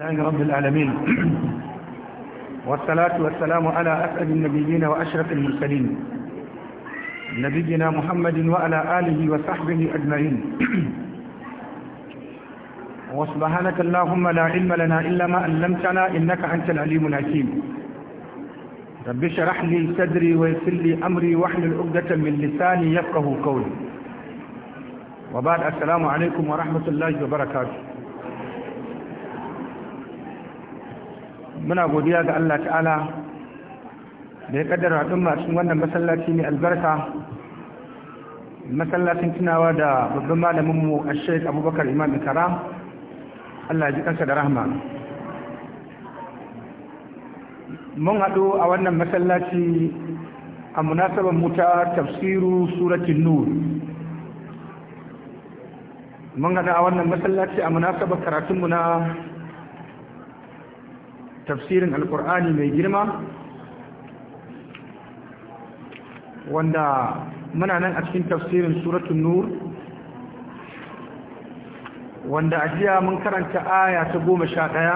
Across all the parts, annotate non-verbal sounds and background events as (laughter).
لله رب العالمين (clears throat) والصلاة والسلام على أسعد النبيين وأشرف المرسلين نبينا محمد وعلى آله وصحبه أجمعين (clears throat) وسبحانك اللهم لا علم لنا إلا ما علمتنا إنك أنت العليم الحكيم رب اشرح لي صدري ويسر لي أمري واحلل عقدة من لساني يفقه قولي وبعد السلام عليكم ورحمة الله وبركاته muna godiya ga Allah ta'ala da ya kaddara haɗin masu wannan masallaci ne albarka masallacin tunawa da babban malaminmu a sheik abubakar imam ikara Allah ji kansa da rahma mun haɗu a wannan masallaci a munasabar muta tafsiru suratun nur mun haɗu a wannan masallaci a munasabar karatunmu na tafsirin alkur'ani mai girma wanda muna nan a cikin tafsirin suratun nur wanda a jiya mun karanta aya ta goma sha ɗaya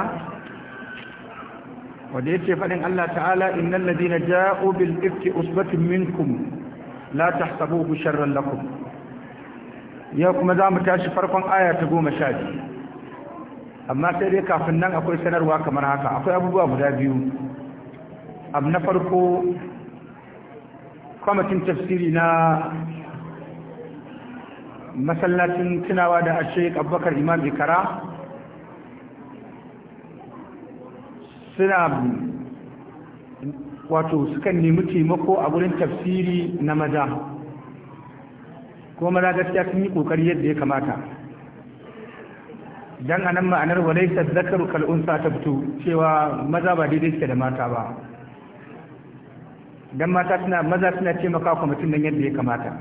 wanda ya ce faɗin Allah ta'ala innan ladina ja'u bil ifki usbatin minkum la tahsabuhu sharran lakum yau kuma za mu tashi farkon aya ta goma sha biyu amma sai dai kafin nan akwai sanarwa kamar haka akwai abubuwa guda biyu abu na farko kwamitin tafsiri na masallacin tunawa da ashe abubakar imam ikara suna wato sukan nemi taimako a wurin tafsiri na maza kuma maza gaskiya sun yi kokari yadda ya kamata dan anan ma'anar laysa dhakaru kal unsa tabtu cewa maza ba daidai suke da mata ba dan mata suna maza suna ce maka kwamitin nan yadda ya kamata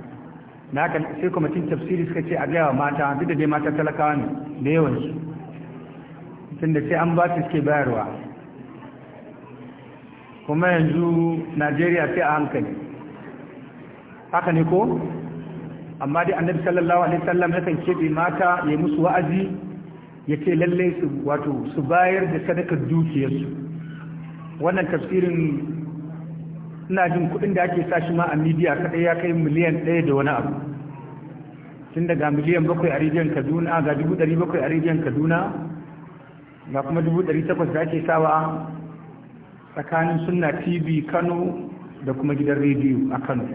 na haka sai kwamitin tafsiri suka ce a gaya wa mata duk da dai mata talakawa ne da yawan su tunda sai an ba su suke bayarwa kuma yanzu Najeriya sai a hankali haka ne ko amma dai annabi sallallahu alaihi wasallam yakan kebe mata ya musu wa'azi ya ce lallai su wato su bayar da sadakar dukiyarsu wannan tafsirin ina jin kudin da ake sashi ma a midiya kadai ya kai miliyan ɗaya da wani abu tun daga miliyan bakwai a rijiyar kaduna ga dubu ɗari bakwai a rijiyar kaduna ga kuma dubu ɗari takwas da ake sawa tsakanin suna tv kano da kuma gidan rediyo a kano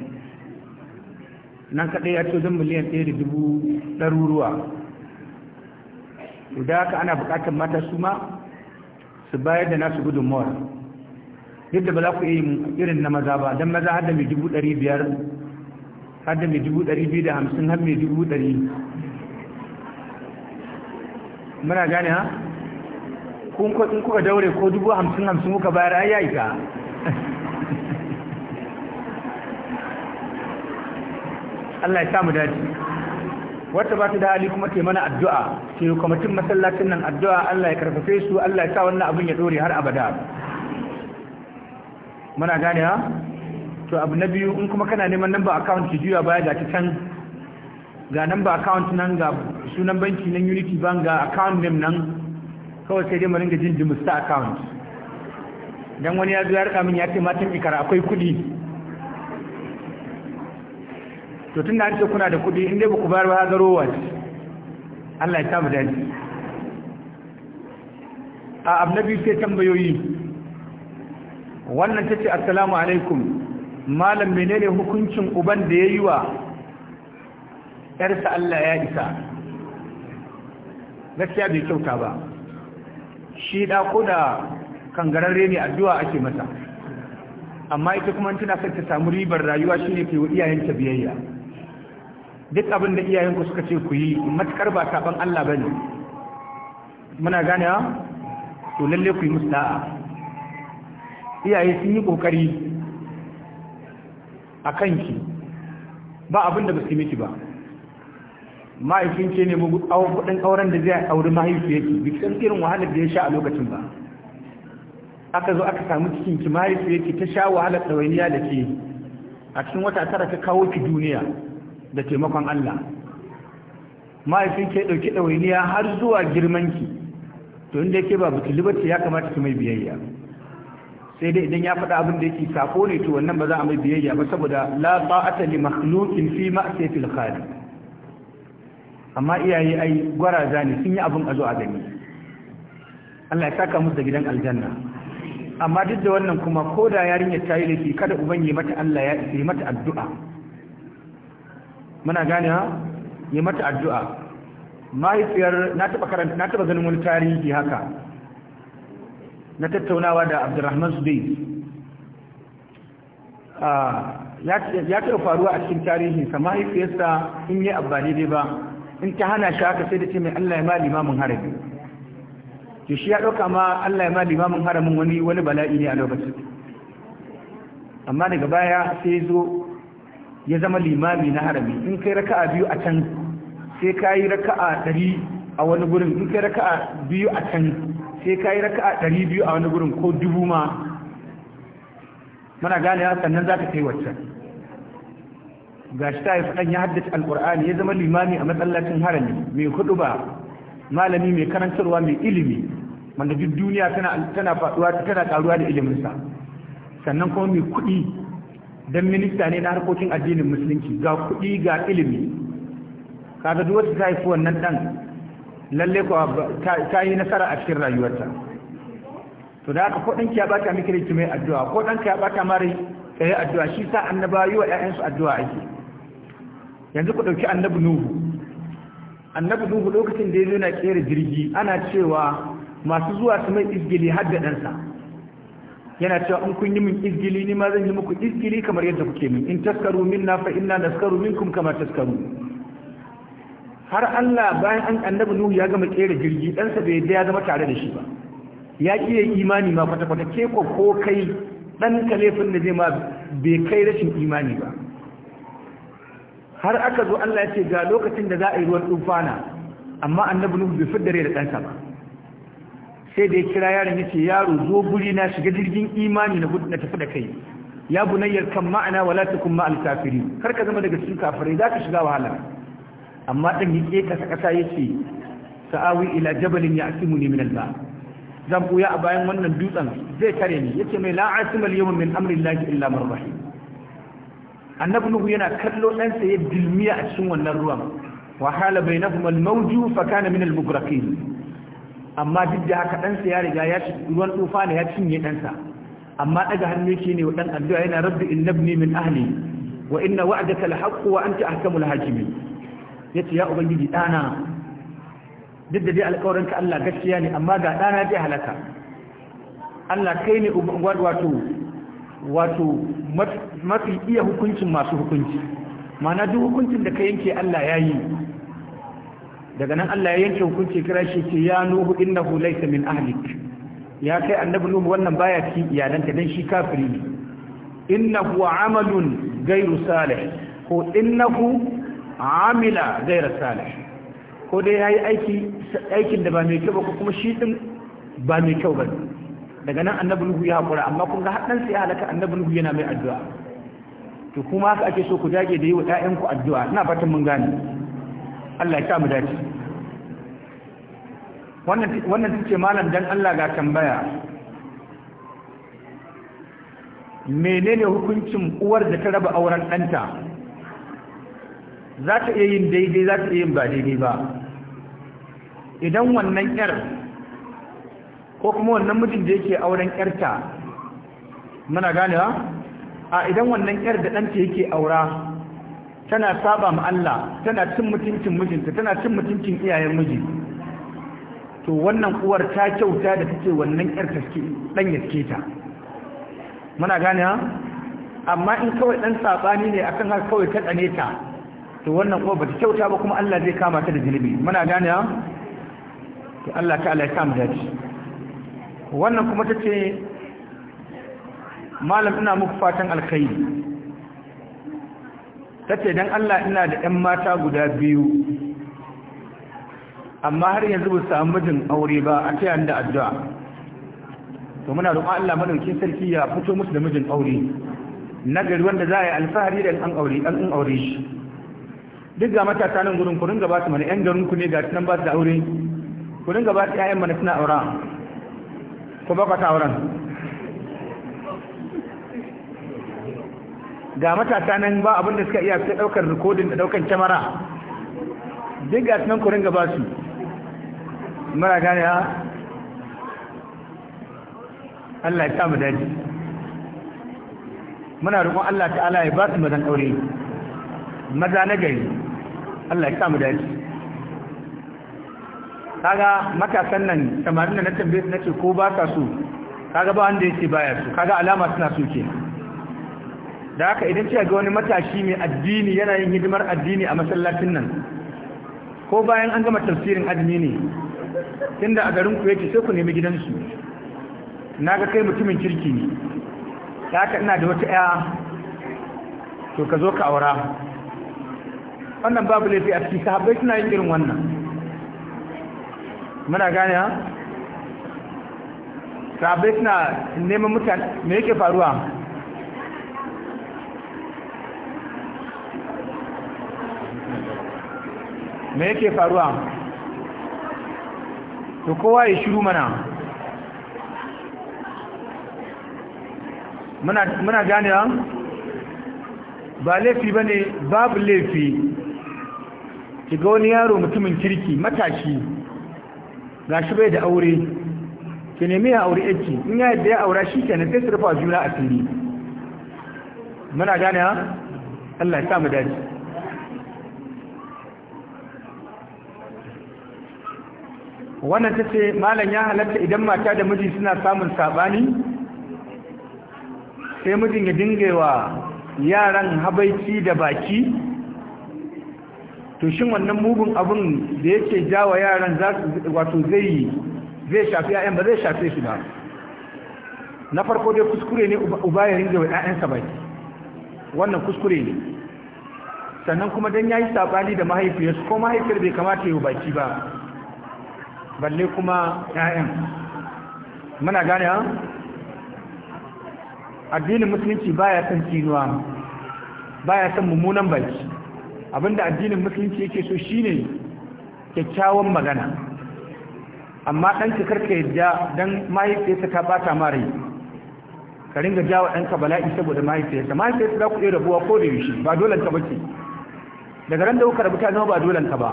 nan kadai ya ce zan miliyan ɗaya da dubu ɗaruruwa to da haka ana buƙatar mata su ma su bayar da nasu gudunmawar yadda ba za ku yi irin na maza ba don maza har da mai dubu dari biyar har da mai dubu dari biyu da hamsin har mai dubu dari muna gane ha kun kuka daure ko dubu hamsin hamsin kuka bayar ai yayi ka (laughs) Allah ya samu dace wata ba ta da hali kuma ke mana addu'a ke kwamitin masallacin nan addu'a Allah ya karfafe su Allah ya sa wannan abin ya dore har abada muna gane ha to abu na biyu in kuma kana neman number account ki juya baya ga ta can ga number account nan ga sunan banki nan unity bank ga account name nan kawai sai dai mu ringa jin jimusta account dan wani ya zo ya rika min ya ce matan ikara akwai kuɗi to tun da ake kuna da kuɗi in dai ba ku bayar ba garowa ce Allah ya samu daji a abnabi sai tambayoyi wannan ta ce assalamu alaikum malam menene hukuncin uban da ya yi wa ‘yarsa Allah ya isa gaskiya bai kyauta ba shi da ko da kangararre ne addu'a ake masa amma ita kuma tana son ta samu ribar rayuwa shine ke wa iyayenta biyayya duk abin da iyayenku suka ce ku yi matukar ba saban Allah ba ne. muna gane wa? to lalle ku yi musu da'a iyaye sun yi kokari a kanki ba abin da ba su miki ba ma'aikin ne mu kudin auren da zai auri duk san irin wahalar da ya sha a lokacin ba aka zo aka samu cikin ki mahaifiyarki ta sha wahalar tsawainiya da ke a cikin wata tara ka kawo ki duniya da taimakon Allah mahaifin ke ɗauki ɗawainiya har zuwa girmanki to inda yake ba butuli liberty ya kamata ki mai biyayya sai dai idan ya faɗa abin da yake sako ne to wannan ba za a mai biyayya ba saboda la ta'ata li makhluqin fi ma'siyati al amma iyaye ai gwaraza ne sun yi abin a zo a gani Allah ya saka musu da gidan aljanna amma duk da wannan kuma ko da yarinyar ta yi laifi kada uban mata Allah ya yi mata addu'a muna gane ha yi mata addu'a mahaifiyar na taba karanta na taba ganin wani tarihi haka na tattaunawa da Abdurrahman Zubayr ah, ya taɓa faruwa a cikin tarihinsa mahaifiyarsa in yi abbali dai ba in ta hana shi haka sai da ce mai Allah ya ma limamin harabi to shi ya ɗauka ma Allah ya ma limamin haramin wani wani bala'i ne a lokacin amma daga baya sai zo ya zama limami na harami in kai raka'a biyu a can sai ka yi raka'a ɗari a wani gurin in kai raka'a biyu a can sai ka yi raka'a ɗari biyu a wani gurin ko dubu ma mana ya sannan za ka kai waccan gashi ta yi faɗan ya haddace alƙur'ani ya zama limami a matsalacin harami mai hudu ba malami mai karantarwa mai ilimi wanda duk duniya tana faɗuwa tana ƙaruwa da iliminsa sannan kuma mai kuɗi don minista ne na harkokin addinin musulunci ga kuɗi ga ilimi ga duk wata ta haifi wannan ɗan lalle ko ta yi nasara a cikin rayuwarta to da haka ko ɗanki ya baka miki rai mai addu'a ko ka ya baka mari ka yi addu'a shi sa annaba yi wa ‘ya'yansu addu'a ake yanzu ku ɗauki annabi nuhu annabi nuhu lokacin da ya zo na jirgi ana cewa masu zuwa su mai izgili har da ɗansa yana cewa in kun yi min izgili ni ma zan yi muku izgili kamar yadda kuke min in taskaru minna fa inna naskaru minkum kama taskaru har Allah bayan an annabi Nuhu ya gama kera jirgi ɗansa bai ya zama tare da shi ba ya kiye imani ma kwata kwata ke ko ko kai dan kalefin da zai ma bai kai rashin imani ba har aka zo Allah ya ce ga lokacin da za a yi ruwan tsufana amma annabi Nuhu bai fidda rai da ɗansa ba sai da ya kira yaron yace yaro zo guri na shiga jirgin imani na gudu na tafi da kai ya bunayyar kan ma'ana wala takum ma'al kafiri kar ka zama daga cikin kafirai zaka shiga wahala amma dan yake kasa kasa yace sa'awi ila jabalin ya'simuni min al-ba zan buya a bayan wannan dutsen zai kare ni yace mai la asimal yawm min amri llahi illa man rahim annabi nuhu yana kallo dan sa ya dilmiya a cikin wannan ruwan Wahala bai bainahuma al-mawju fa kana min al-mughraqin amma duk da haka ɗansa ya riga ya ruwan tsufa ne ya cinye ɗansa amma daga hannu shi ne wa ɗan addu'a yana rabbi in nabni min ahli wa inna wa'adaka alhaqqu wa anta ahkamul hakimin yace ya ubangiji ɗana duk da dai alƙawarin ka Allah gaskiya ne amma ga ɗana dai halaka Allah kai ne wato wato mafi iya hukuncin masu hukunci ma'ana duk hukuncin da ka yanke Allah ya yi daga nan Allah ya yanke hukunci kira shi ce ya nuhu innahu laysa min ahlik ya kai annabi nuhu wannan baya ci iyalanta dan shi kafiri ne innahu amalun ghairu salih ko innahu amila ghairu salih ko dai yayi aiki aikin da ba mai kyau ba kuma shi din ba mai kyau ba daga nan annabi nuhu ya hakura amma kun ga haddan sai halaka annabi nuhu yana mai addu'a to kuma haka ake so ku dage da yi wa ƴaƴanku addu'a ina fatan mun gane Allah ya mu dace wannan wannan ce malam dan Allah ga tambaya menene hukuncin uwar da ta raba auren ɗanta za ta iya yin daidai za ta iya yin ba daidai ba idan wannan yar ko kuma wannan mutum da yake auren yarta muna ganewa a idan wannan yar da ɗanta yake aura tana saba ma Allah tana cin mutuncin mijinta tana cin mutuncin iyayen miji to wannan uwar ta kyauta da take wannan yar taske dan yake ta muna gane ha amma in kawai dan sabani ne akan har kawai ta tsane ta to wannan uwar bata kyauta ba kuma Allah zai kama ta da zulubi muna gane ha to Allah ta ta'ala ya kama shi wannan kuma tace malam ina muku fatan alkhairi ta ce don Allah ina da 'yan mata guda biyu amma har yanzu ba samu mijin aure ba a ta da addu'a to muna roƙa Allah madaukin sarki ya fito musu da mijin aure Na gari wanda za a yi alfahari da an aure an aure shi duk ga matasa nan gurin ku ringa ba su mana 'yan garin ku ne ga nan ba su da aure ku ringa ba su 'ya'yan mana suna aura ku ba ta auren ga matasa nan ba abin da suka iya suka daukar rikodin da daukan kyamara duk ga sunan kurin gaba su mara gane ha ah, Allah ya sa mu daji muna roƙon Allah ta'ala ya ba su mazan aure maza na gari Allah ya sa mu daji kaga matasan nan samarin da na tambaye su nace ko ba ka su kaga ba wanda yake baya so kaga alama suna so kenan da haka idan ce ga wani matashi mai addini yana yin hidimar addini a masallacin nan ko bayan an gama tafsirin azumi ne tunda a garin ku yake sai ku nemi gidansu na ga kai mutumin kirki ne da haka ina da wata ya to ka zo ka aura wannan babu laifi a cikin sahabbai suna yin irin wannan muna gane ha sahabbai suna neman mutane me yake faruwa me yake faruwa to kowa ya shiru mana muna gane ba laifi ba ne babu laifi ga wani yaro mutumin kirki matashi ga bai da aure ki nemi ya aure yake in ya yadda ya aura shi kenan sai su rufa juna asiri muna gane ha Allah ya sa mu dace wannan ta ce malam ya halatta idan mata da miji suna samun saɓani sai mijin ya dinga wa yaran habaici da baki to shin wannan mugun abun da yake jawa yaran wato zai zai shafi ƴaƴan ba zai shafi su ba na farko dai kuskure ne uba ya ringa wa sa baki wannan kuskure ne sannan kuma dan yayi sabani da mahaifiyarsa ko mahaifiyar bai kamata ya yi baki ba balle kuma ƴaƴan muna gane ha addinin musulunci baya son tsinuwa baya son mummunan baki abinda addinin musulunci yake so shine kyakkyawan magana amma ɗan ka karka yadda don mahaifiyarsa ta bata ta mari ka ringa jawo ka bala'i saboda mahaifiyarsa mahaifiyarsa za ku iya rabuwa ko da yaushe ba dolan ka bace daga ran da kuka rabu ta zama ba dolan ka ba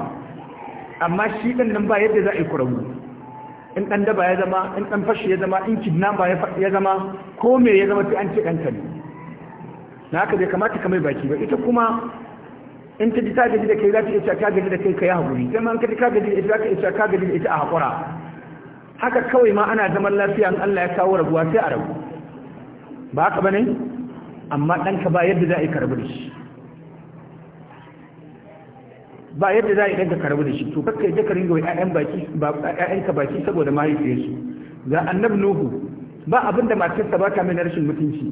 amma shi ɗan nan ba yadda za a yi kurabu in ɗan daba ya zama in ɗan fashe ya zama in ba ya zama ko me ya zama sai an ce ɗanta ne na haka bai kamata ka mai baki ba ita kuma in ta ji ta gaji da kai za ta iya ta gaji da kai ka yi haƙuri sai ma ka ji kagaji gaji da ita za ta iya ka gaji da ita a haƙura haka kawai ma ana zaman lafiya in Allah ya kawo rabuwa sai a rabu ba haka ne amma ɗanka ba yadda za a yi rabu da shi ba yadda za a yi ɗanka karbi da shi to kakka yadda ka wa ‘ya'yanka baki saboda mahaifiyarsu ga nuhu ba abin da matarsa ba ta na rashin mutunci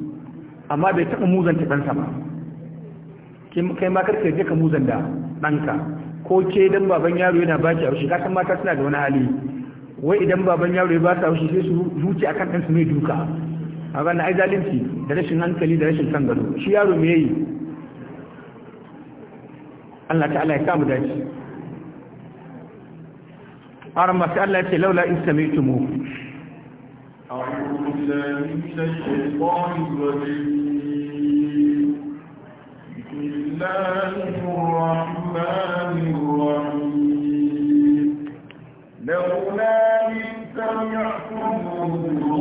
amma bai taɓa muzanta ɗansa ba kai ma karka yadda ka muzan da ɗanka ko ke dan baban yaro yana baki a rushe ka san mata suna da wani hali wai idan baban yaro ya ba ta rushe sai su zuci akan ɗansu mai duka a ranar ai zalunci da rashin hankali da rashin kan gado shi yaro me yi. الله تعالى ya samu أرى ما سأل الله لولا إن laula أعوذ بالله من الشيطان الرجيم بسم الله الرحمن الرحيم لولا إن سمعتموه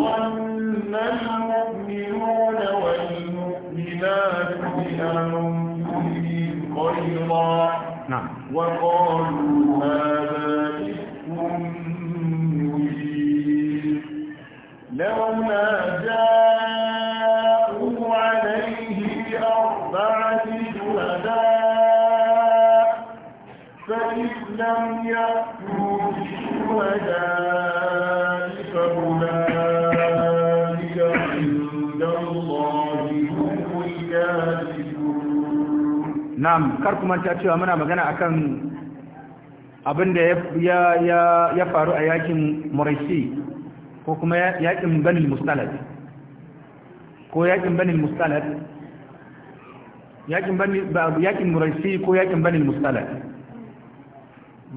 ظن المؤمنون والمؤمنات بأنفسهم خيرا نعم وقالوا هذا إفك مبين لولا جاءوا عليه بأربعة شهداء فإذ لم يأتوا بالشهداء فأولئك عند الله هم الكاذبون na'am kar kuma ta cewa muna magana akan abin da ya ya ya faru a yakin Muraisi ko kuma yakin Bani Mustalad ko yakin Bani Mustalad yakin Bani yakin Muraisi ko yakin Bani Mustalad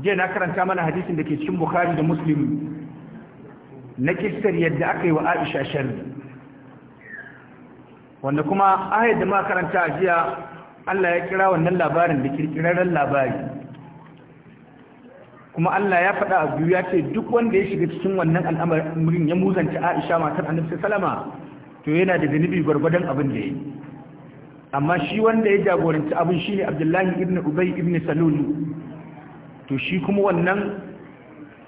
je na karanta mana hadisin da ke cikin Bukhari da Muslim na kissar yadda aka yi wa Aisha sharri wanda kuma ayat da ma karanta a jiya Allah ya kira wannan labarin da kirkirarren labari kuma Allah ya faɗa a biyu ya ce duk wanda ya shiga cikin wannan al'amarin ya muzanta Aisha matar Annabi salama to yana da zanibi gwargwadon abin da yi amma shi wanda ya jagoranci abin shine Abdullahi ibn Ubay ibn Salul to shi kuma wannan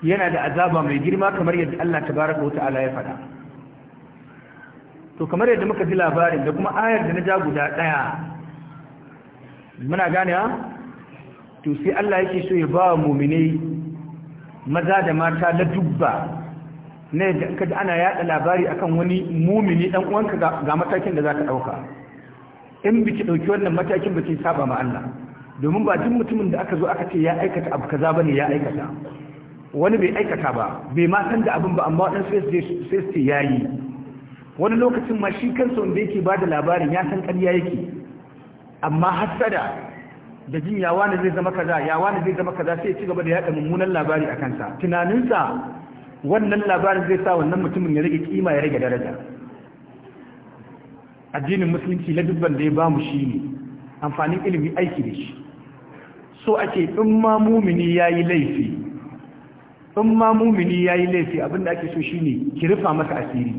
yana da azaba mai girma kamar yadda Allah tabaraka wata'ala ya faɗa to kamar yadda muka ji labarin da kuma ayar da na ja guda ɗaya muna gane ha to sai Allah yake so ya ba wa mu'minai maza da mata la dubba ne da ana yada labari akan wani mumini dan uwanka ga matakin da zaka dauka in biki dauki wannan matakin biki saba ma Allah domin ba duk mutumin da aka zo aka ce ya aikata abu kaza bane ya aikata wani bai aikata ba bai ma san da abin ba amma wadan sai sai yayi wani lokacin ma shi kansa wanda yake bada labarin ya san ƙarya yake amma hasada da jin ya wani zai zama kaza ya wani zai zama kaza sai ci gaba da yaɗa mummunan labari a kansa tunaninsa wannan labarin zai sa wannan mutumin ya rage kima ya rage daraja addinin musulunci na dubban da ya mu shi ne amfanin ilimi aiki da shi so ake in ma mumini ya yi laifi in ma mumini ya yi laifi abinda ake so shi ne ki rufa masa asiri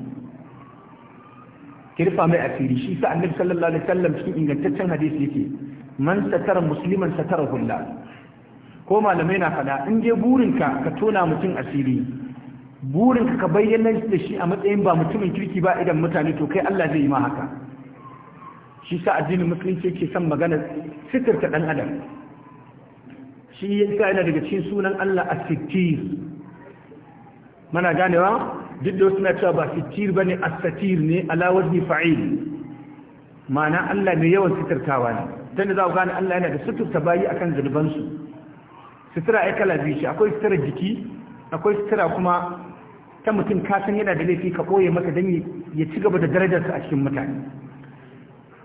kirfa mai asiri shi sa annabi sallallahu alaihi wasallam cikin ingantaccen hadisi yake man satara musliman satara hulla ko malamai na fada in je burinka ka tona mutum asiri burinka ka bayyana da shi a matsayin ba mutumin kirki ba idan mutane to kai Allah zai yi ma haka shi sa addinin musulunci yake son magana sitirta dan adam shi yasa yana daga cikin sunan Allah as-sittir mana ganewa duk da na cewa ba fitir ba ne a satir ne alawar ni fa'il ma'ana Allah mai yawan suturtawa ne don da za ku gane Allah yana da suturta bayi akan zunubansu sutura ya kala zai shi akwai sutura jiki akwai sutura kuma ta mutum kasan yana da laifi ka ɓoye masa don ya ci gaba da darajarsa a cikin mutane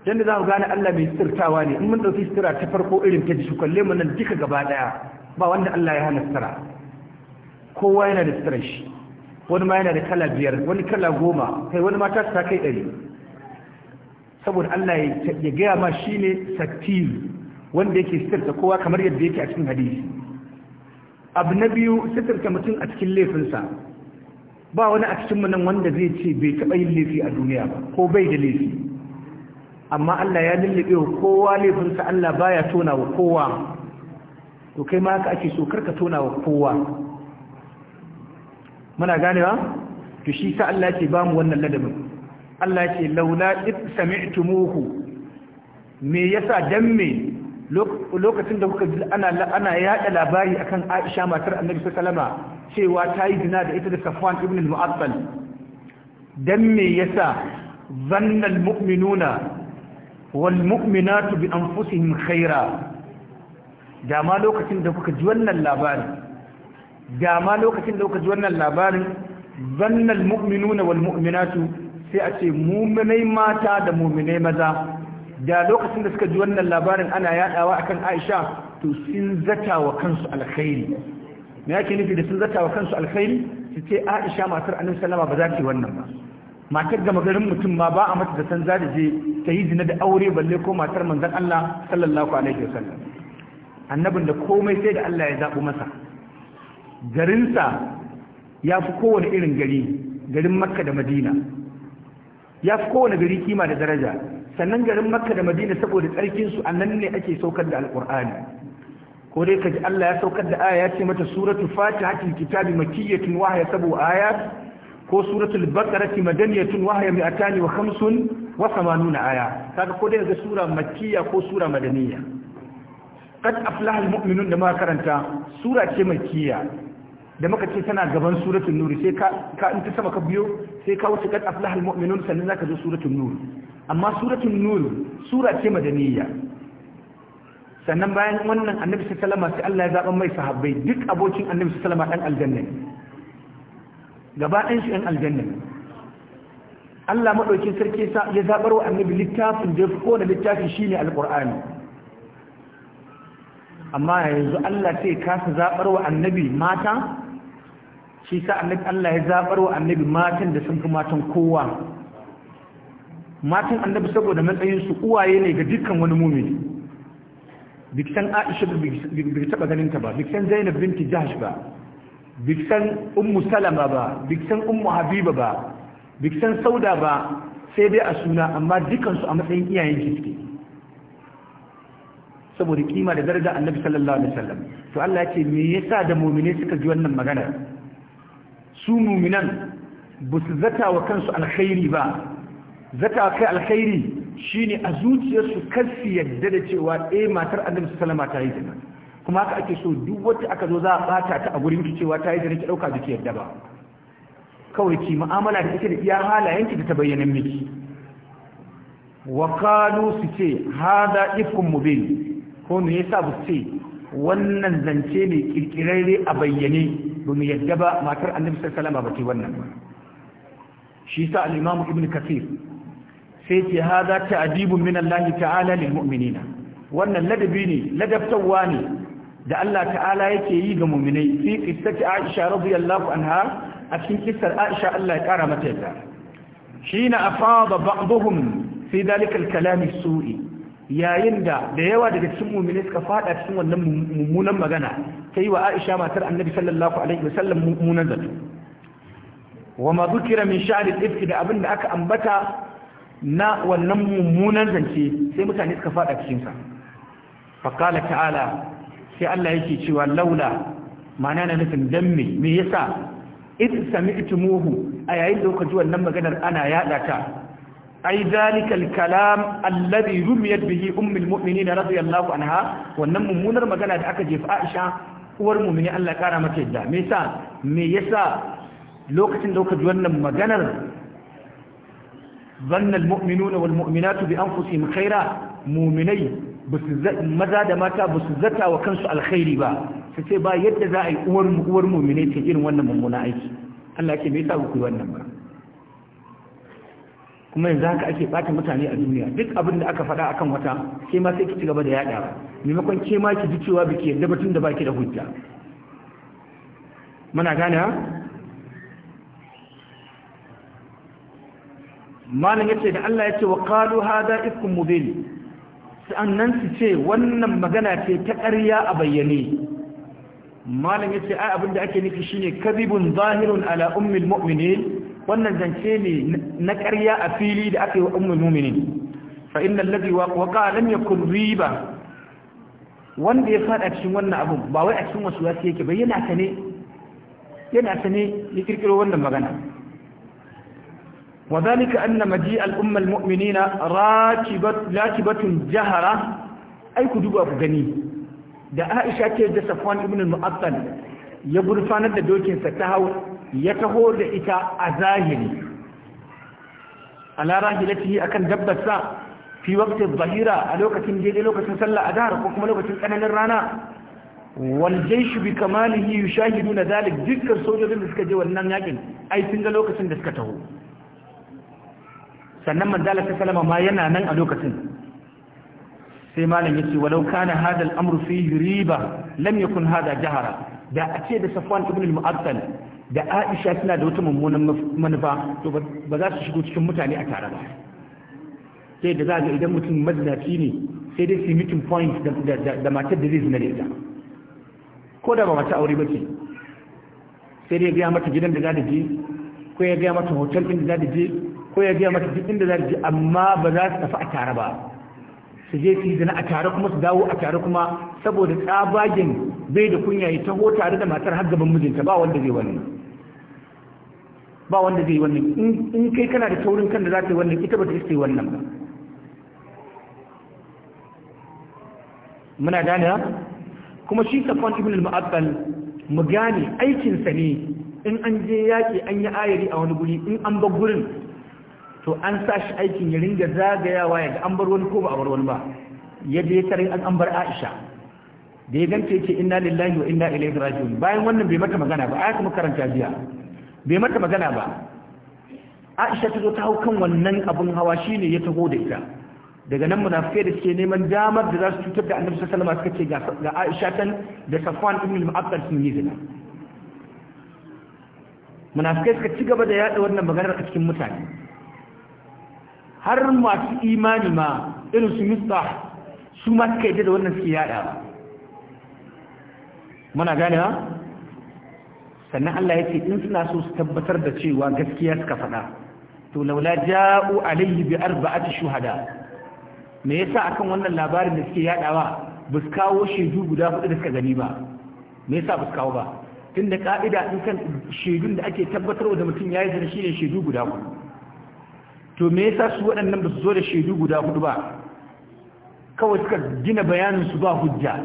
don da za ku gane Allah mai suturtawa ne in mun ɗauki sutura ta farko irin ta jiki kwalle nan duka gaba ɗaya ba wanda Allah ya hana sutura kowa yana da sutura shi wani ma yana da kala biyar wani kala goma kai wani mata ta kai ɗari saboda Allah ya gaya ma shi ne wanda yake sitarta kowa kamar yadda yake a cikin hadisi abu na biyu sitarta mutum a cikin laifinsa ba wani a cikin munan wanda zai ce bai taɓa yin laifi a duniya ba ko bai da laifi amma Allah ya lullube wa kowa laifinsa Allah baya tona wa kowa to kai ma haka ake so karka tona wa kowa muna ganewa to shi sa Allah ce ba mu wannan ladabin Allah ce laula id sami'tumuhu me yasa dan me lokacin da kuka ana ana yada labari akan Aisha matar Annabi sallallahu alaihi cewa ta yi zina da ita da Safwan ibn al-Mu'attal dan me yasa zanna al-mu'minuna wal mu'minatu bi anfusihim khaira dama lokacin da kuka ji wannan labarin. Dama lokacin da kuka ji wannan labarin zannal mu'minuna wal mu'minatu sai a ce mu'minai mata da mu'minai maza da lokacin da suka ji wannan labarin ana yadawa akan Aisha to sun zata wa kansu alkhairi me yake nufi da sun zata wa kansu alkhairi su ce Aisha matar Annabi sallama ba za ta yi wannan ba matar ga magarin mutum ma ba a mata da san za ta je ta yi zina da aure balle ko matar manzon Allah sallallahu alaihi wasallam annabin da komai sai da Allah ya zabu masa garinsa ya fi kowane irin gari garin makka da madina ya fi kowane gari kima da daraja sannan garin makka da madina saboda tsarkinsu a nan ne ake saukar da alkur'ani ko dai kaji Allah ya saukar da aya ya ce mata suratul fatihatul kitabi makiyyatun wa hiya sabu ayat ko suratul baqarati madaniyatun wa mi'atani wa khamsun wa samanuna aya kaga ko dai ga sura makkiya ko sura madaniya Kad aflahal muminun da ma karanta sura ce makkiya da muka ce tana gaban suratul nur sai ka in ta sama ka biyo sai ka wuce kan aflahal mu'minun sannan zaka zo suratul nur amma suratul nur sura ce madaniyya sannan bayan wannan annabi sallallahu alaihi wasallam sai Allah ya zaba mai sahabbai duk abokin annabi sallallahu alaihi wasallam dan aljanna gaba ɗin shi ɗan aljanna Allah madaukin sarki ya zabar wa annabi littafin da ko da littafin shine alqur'ani amma yanzu Allah sai kasa zabar wa annabi mata shi sa annabi Allah ya zabar wa annabi matan da sun fi matan kowa matan annabi saboda matsayin su uwaye ne ga dukkan wani mumini biksan Aisha bi taba ganin ta ba biksan Zainab binti Jahsh ba biksan Ummu Salama ba biksan Ummu Habiba ba biksan Sauda ba sai dai a suna amma dukansu a matsayin iyayen kiske saboda kima da daraja annabi sallallahu alaihi wasallam to Allah ya ce me yasa da mu'mine suka ji wannan magana su muminan ba su zata wa kansu alkhairi ba zata kai alkhairi shine a zuciyarsu kansu yadda da cewa eh matar annabi sallama ta yi zina kuma haka ake so duk wacce aka zo za a bata ta a gurin ki cewa ta yi zina ki dauka ki yadda ba kawai ki mu'amala da ita da iya halayen ki da ta bayyana miki wa qalu su ce hada ifkum mubin ko ne yasa bu ce wannan zance ne kirkirarre a bayyane ba mu yadda ba matar annabi sallallahu alaihi ba ta wannan ba shi sa al-imam ibn kasir sai ce hada ta'dibun min Allah ta'ala lil mu'minina wannan ladabi ne ladabtawa ne da Allah ta'ala yake yi ga mu'minai fi qissati Aisha radiyallahu anha a cikin kissar Aisha Allah ya kara mata yadda shine afada ba'dhum fi dalika al-kalam as-su'i yayin da da yawa daga cikin mu'mini suka fada cikin wannan mummunan magana ta yi wa Aisha matar Annabi sallallahu alaihi wasallam mummunan zato wa ma zukira min sha'ri al da da aka ambata na wannan mummunan zance sai mutane suka fada cikin sa fa qala ta'ala sai Allah yake cewa laula ma'ana na nufin dan me me yasa id sami'tumuhu a yayin da kuka ji wannan maganar ana yada ta ai zalikal kalam alladhi rumiyat bihi ummul mu'minin radiyallahu anha wannan mummunar magana da aka jefa Aisha uwar mu'mini Allah kara mata yadda me yasa me yasa lokacin da kuka ji wannan maganar zanna almu'minuna walmu'minatu bi anfusihim khaira maza da mata ba su zata wa kansu alkhairi ba su ce ba yadda za a yi uwar mu'minai ta irin wannan mummuna aiki Allah ke me sa ku yi wannan ba kuma yanzu haka ake bata mutane a duniya duk abin da aka faɗa akan wata ke ma sai ki ci gaba da yada maimakon ke ma ki ji cewa biki yadda batun da baki da hujja muna gane ha malam yace da Allah yace wa qalu hada ifkum mubin sannan su ce wannan magana ce ta ƙarya a bayyane malam yace ai abin da ake nufi shine kabibun zahirun ala ummil mu'minin wannan zance ne na ƙarya a fili da aka yi wa ummul mu'minin fa innal ladhi waqa lam yakun riba wanda ya fada cikin wannan abun ba wai a cikin wasu wasu yake ba yana ta ne yana ta ne ya kirkiro wannan magana وذلك أن مجيء الأمة المؤمنين راكبة جهرة أي كذب أبو غني da Aisha ce da Safwan ibn al-Mu'attal ya gurfanar da dokinsa ta hau. ya taho da ita a zahiri ala rahilatihi akan dabbarsa fi waqtin Bahira a lokacin daidai lokacin sallah azhar ko kuma lokacin tsananin rana wal jaysh bi kamalihi na dhalik dukkan sojojin da suka je wannan yakin ai sun ga lokacin da suka taho sannan manzala ta salama ma yana nan a lokacin sai malam ce walau kana hada al-amru fi riba lam yakun hada jahara da a ce da Safwan ibn al-Mu'attal da aisha suna da wata mummunan manufa to ba za su shigo cikin mutane a tare ba sai da za ga idan mutum mazinaci ne sai dai su meeting point da matar da zai zina da ita ko da ba mata aure ba ce sai dai ya gaya mata gidan da za ta je ko ya gaya mata hotel din da za ta je ko ya gaya mata duk inda za ta je amma ba za su tafi a tare ba su je su yi zina a tare kuma su dawo a tare kuma saboda tsabagen bai da kunya ya taho tare da matar har gaban mijinta ba wanda zai wani ba wanda zai wannan in kai kana da taurin kan da za ta yi wannan ita ba ta isa wannan ba muna gane kuma shi safon ibn al-ma'abbal mu gane aikinsa ne in an je yaƙi an yi ayari a wani guri in an bar gurin to an sa shi aikin ya ringa zagayawa ya an bar wani ko ba a bar wani ba yadda ya tare an bar aisha da ya gante ce inna lillahi wa inna ilaihi raji'un bayan wannan bai mata magana ba aka makaranta biya bai mata magana ba aisha ta zo ta hau kan wannan abin hawa shi ne ya taho da ita daga nan munafikai da suke neman damar da za su cutar da annabi sallallahu alaihi wasallam suka ce ga aisha tan da safwan ibn al-mu'attal sun yi zina munafikai suka ci gaba da yada wannan maganar a cikin mutane har masu imani ma irin su mistah su ma suka da wannan suke yada muna ganewa sannan Allah ya ce in suna so su tabbatar da cewa gaskiya suka faɗa to laula ja'u alayhi bi arba'ati shuhada me yasa akan wannan labarin da suke yadawa ba su kawo shaidu guda hudu da suka gani ba me yasa ba su kawo ba tunda ka'ida in kan shaidun da ake tabbatarwa da mutum yayi shi shine shaidu guda hudu to me yasa su waɗannan ba su zo da shaidu guda hudu ba kawai suka gina bayanin su ba hujja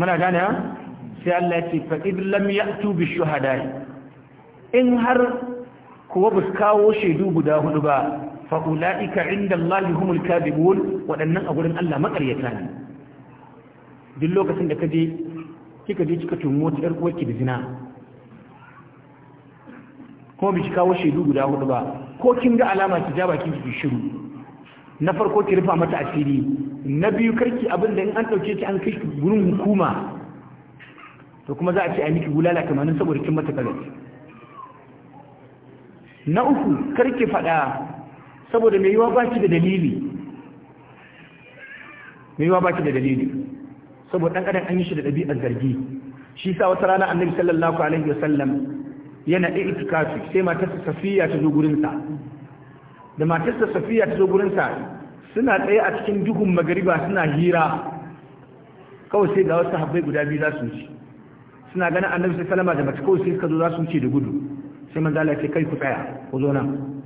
muna gane ha sai Allah ya ce fa in lam ya'tu bi shuhada'i in har kuwa bus kawo shaidu guda hudu ba fa ulaika inda Allah humul kadibun wadannan a gurin Allah makaryata ne duk lokacin da kaje kika je kika tumo ta yar uwarki da zina kuma bi kawo shaidu guda hudu ba ko kin ga alama ki ja bakin ki shiru na farko ki rufa mata asiri na biyu karki abin da in an dauke ki an kai gurin hukuma to kuma za a ce a miki bulala tamanin saboda kin mata kalaci na uku karki faɗa saboda mai yiwa ba ki da dalili mai yiwa ba ki da dalili saboda ɗan kadan an yi shi da ɗabi'ar zargi shi sa wata rana annabi sallallahu alaihi wasallam yana ɗaya itikafi sai matarsa safiya ta zo sa da matarsa safiya ta zo sa suna tsaye a cikin duhun magariba suna hira kawai sai ga wasu habbai guda biyu za su ci suna ganin annabi sallama da mace kawai sai suka zo za su wuce da gudu sai manzo Allah ya ce kai ku tsaya ku zo nan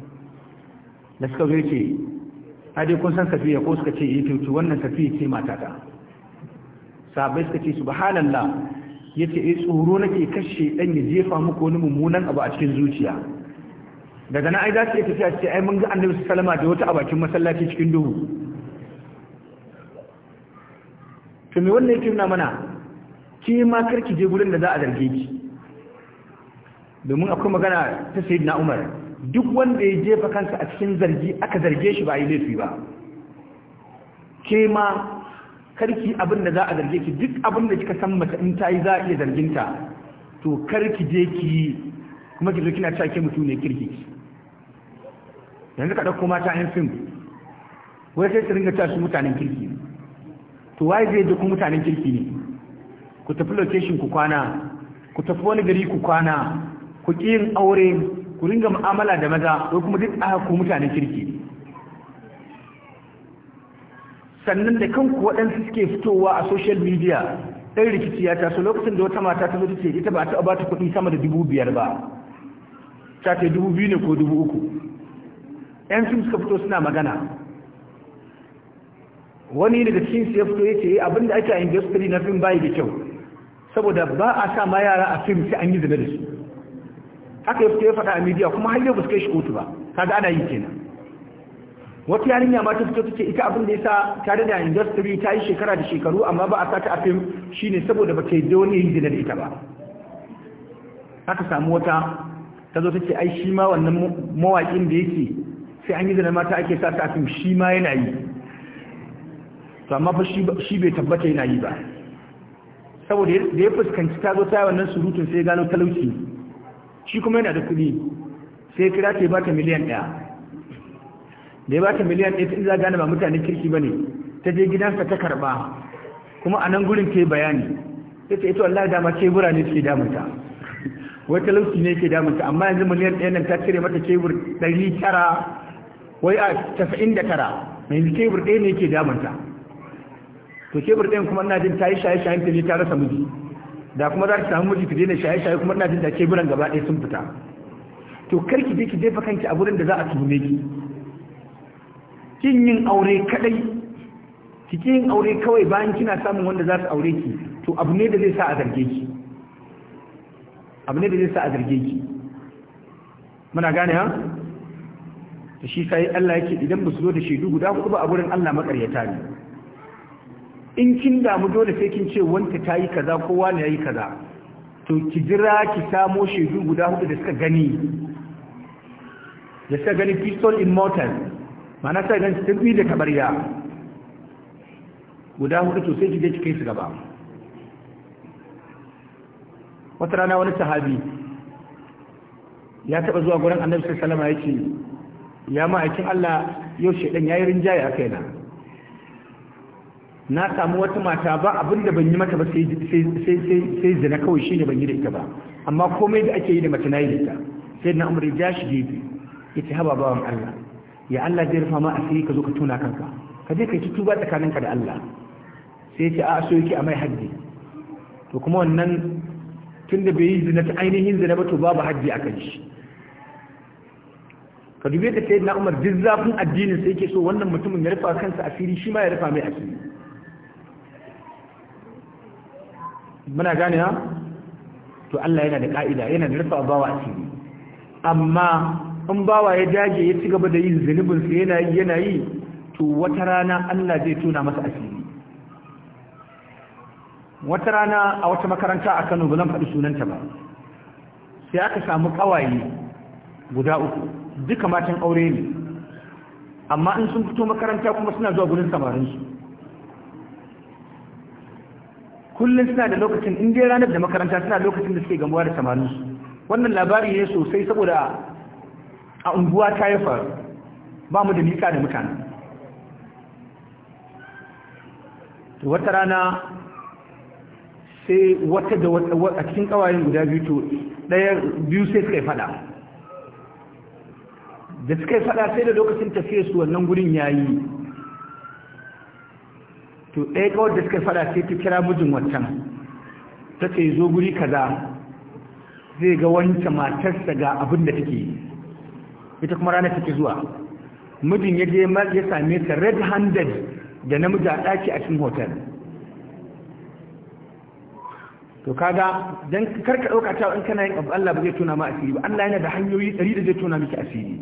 da suka zo yace dai kun san safiya ko suka ce yi eh, to wannan safiya ce matata sahabbai suka ce subhanallah yace eh tsoro nake kashe dan ya jefa muku wani mummunan abu a cikin zuciya daga nan ai za su iya tafiya ce ai mun ga annabi sallama da wata a bakin masallaci cikin duhu to me wannan yake nuna mana ke ma karki je gudun da za a zarge ki domin akwai magana ta na Umar duk wanda ya jefa kansa a cikin zargi aka zarge shi ba yi laifi ba ke ma karki abin da za a zarge ki duk abin da kika san mace in ta yi za a iya zarginta to karki je ki kuma ki zo kina cewa ke mutum ne kirki yanzu ka ɗauko mata yan fim wai sai su ringa cewa su mutanen kirki to wai zai duk mutanen kirki ne ku tafi location ku kwana ku tafi wani gari ku kwana ku ƙin aure ku ringa mu'amala da maza ko kuma duk aka ku mutanen kirki sannan da kanku waɗansu suke fitowa a social media ɗan rikici ya taso lokacin da wata mata ta zo ita ba ta ba ta kuɗi sama da dubu biyar ba ta ce dubu biyu ne ko dubu uku ƴan fim suka fito suna magana wani daga cikin su ya fito ya ce eh, abinda ake a industry na fim bayi da kyau saboda ba a sa ma yara a fim sai an yi zina da su haka yake ya faɗa a media kuma har yau ba su kai shi kotu ba kaga ana yi kenan wata yarinya ma ta fito take ita abin da yasa tare da industry ta yi shekara da shekaru amma ba a sata a fim shine saboda ba ta yi wani yin zina da ita ba haka samu wata ta zo take ai shi ma wannan mawaƙin da yake sai an yi zina mata ake sa ta a fim shi ma yana yi amma fa shi bai tabbata yana yi ba saboda da ya fuskanci ta zo ta wannan surutun sai gano talauci shi kuma yana da kuɗi sai kira ta ba ta miliyan ɗaya da ya ba ta miliyan ɗaya ta iza gane ba mutane kirki ba ne ta je gidansa ta karɓa kuma a nan gurin ta yi bayani ta ce ita wallahi dama bura ne ke damunta (laughs) wai talauci ne ke damunta amma yanzu miliyan ɗaya nan ta cire mata kebur ɗari tara wai a tasa'in da tara yanzu kebur ɗaya ne ke damunta to kebur ɗin kuma ina jin ta yi shaye shayen ta je ta rasa miji da kuma za ki samu miji ki daina shaye shaye kuma ina jin da keburan gaba ɗaya sun fita to kar ki je ki jefa kanki a wurin da za a tuhume ki kin yin aure kadai kike yin aure kawai bayan kina samun wanda za su aure ki to abu ne da zai sa a zarge ki abu ne da zai sa a zarge ki muna gane ha Da shi sai Allah yake idan ba su zo da shaidu guda hudu ba a gurin Allah makaryata ne in kin damu dole sai kin ce wanta ta yi kaza kowa ne ya yi kaza to ki jira ki samo shaidu guda hudu da suka gani da suka gani pistol immortal mana suka gani bi da kabariya guda hudu to sai ki je ki kai su gaba wata rana wani sahabi ya taba zuwa gurin annabi sallallahu alaihi wasallam ya ce ya ma'aikin Allah yau shedan yayi rinjaye a kaina na samu wata mata ba abin da ban yi mata ba sai zina kawai shi ne ban yi da ita ba amma komai da ake yi da mace na yi da ita sai na umar ja shi gefe ya ce haba bawan Allah ya Allah zai rufa ma a sai ka zo ka tuna kanka ka je ka yi tuba tsakaninka da Allah sai ce a so yake a mai haddi to kuma wannan tun da bai yi zina ta ainihin zina ba to babu haddi a kan shi ka dubi da sai na umar duk zafin addinin sai yake so wannan mutumin ya rufa kansa asiri shi ma ya rufa mai asiri muna gane ha to Allah yana da ka'ida yana da rufa bawa a cikin amma in bawa ya dage ya ci gaba da yin zunubin sa yana yi yana yi to wata rana Allah zai tona masa asiri wata rana a wata makaranta a Kano ba zan faɗi sunanta ba sai aka samu kawaye guda uku duka matan aure ne amma in sun fito makaranta kuma suna zuwa gurin samarin su kullum suna da lokacin in dai ranar da makaranta suna lokacin da suke gamuwa da samarin su wannan labari ne sosai saboda a unguwa ta ya faru ba mu da nisa da mutane wata rana sai wata da a cikin kawayen guda biyu to ɗaya biyu sai suka yi fada da suka yi fada sai da lokacin tafiye su wannan gurin yayi to ɗaya kawar da suka fada sai ta kira mijin wancan ta ce zo guri kaza zai ga wancan matarsa ga abin da take ita kuma rana take zuwa mijin ya je ya same ta red handed da namiji a ɗaki a cikin hotel to kaga dan karka ɗauka ta in kana yin abu Allah ba zai tona ma asiri ba Allah yana da hanyoyi ɗari da zai tona miki asiri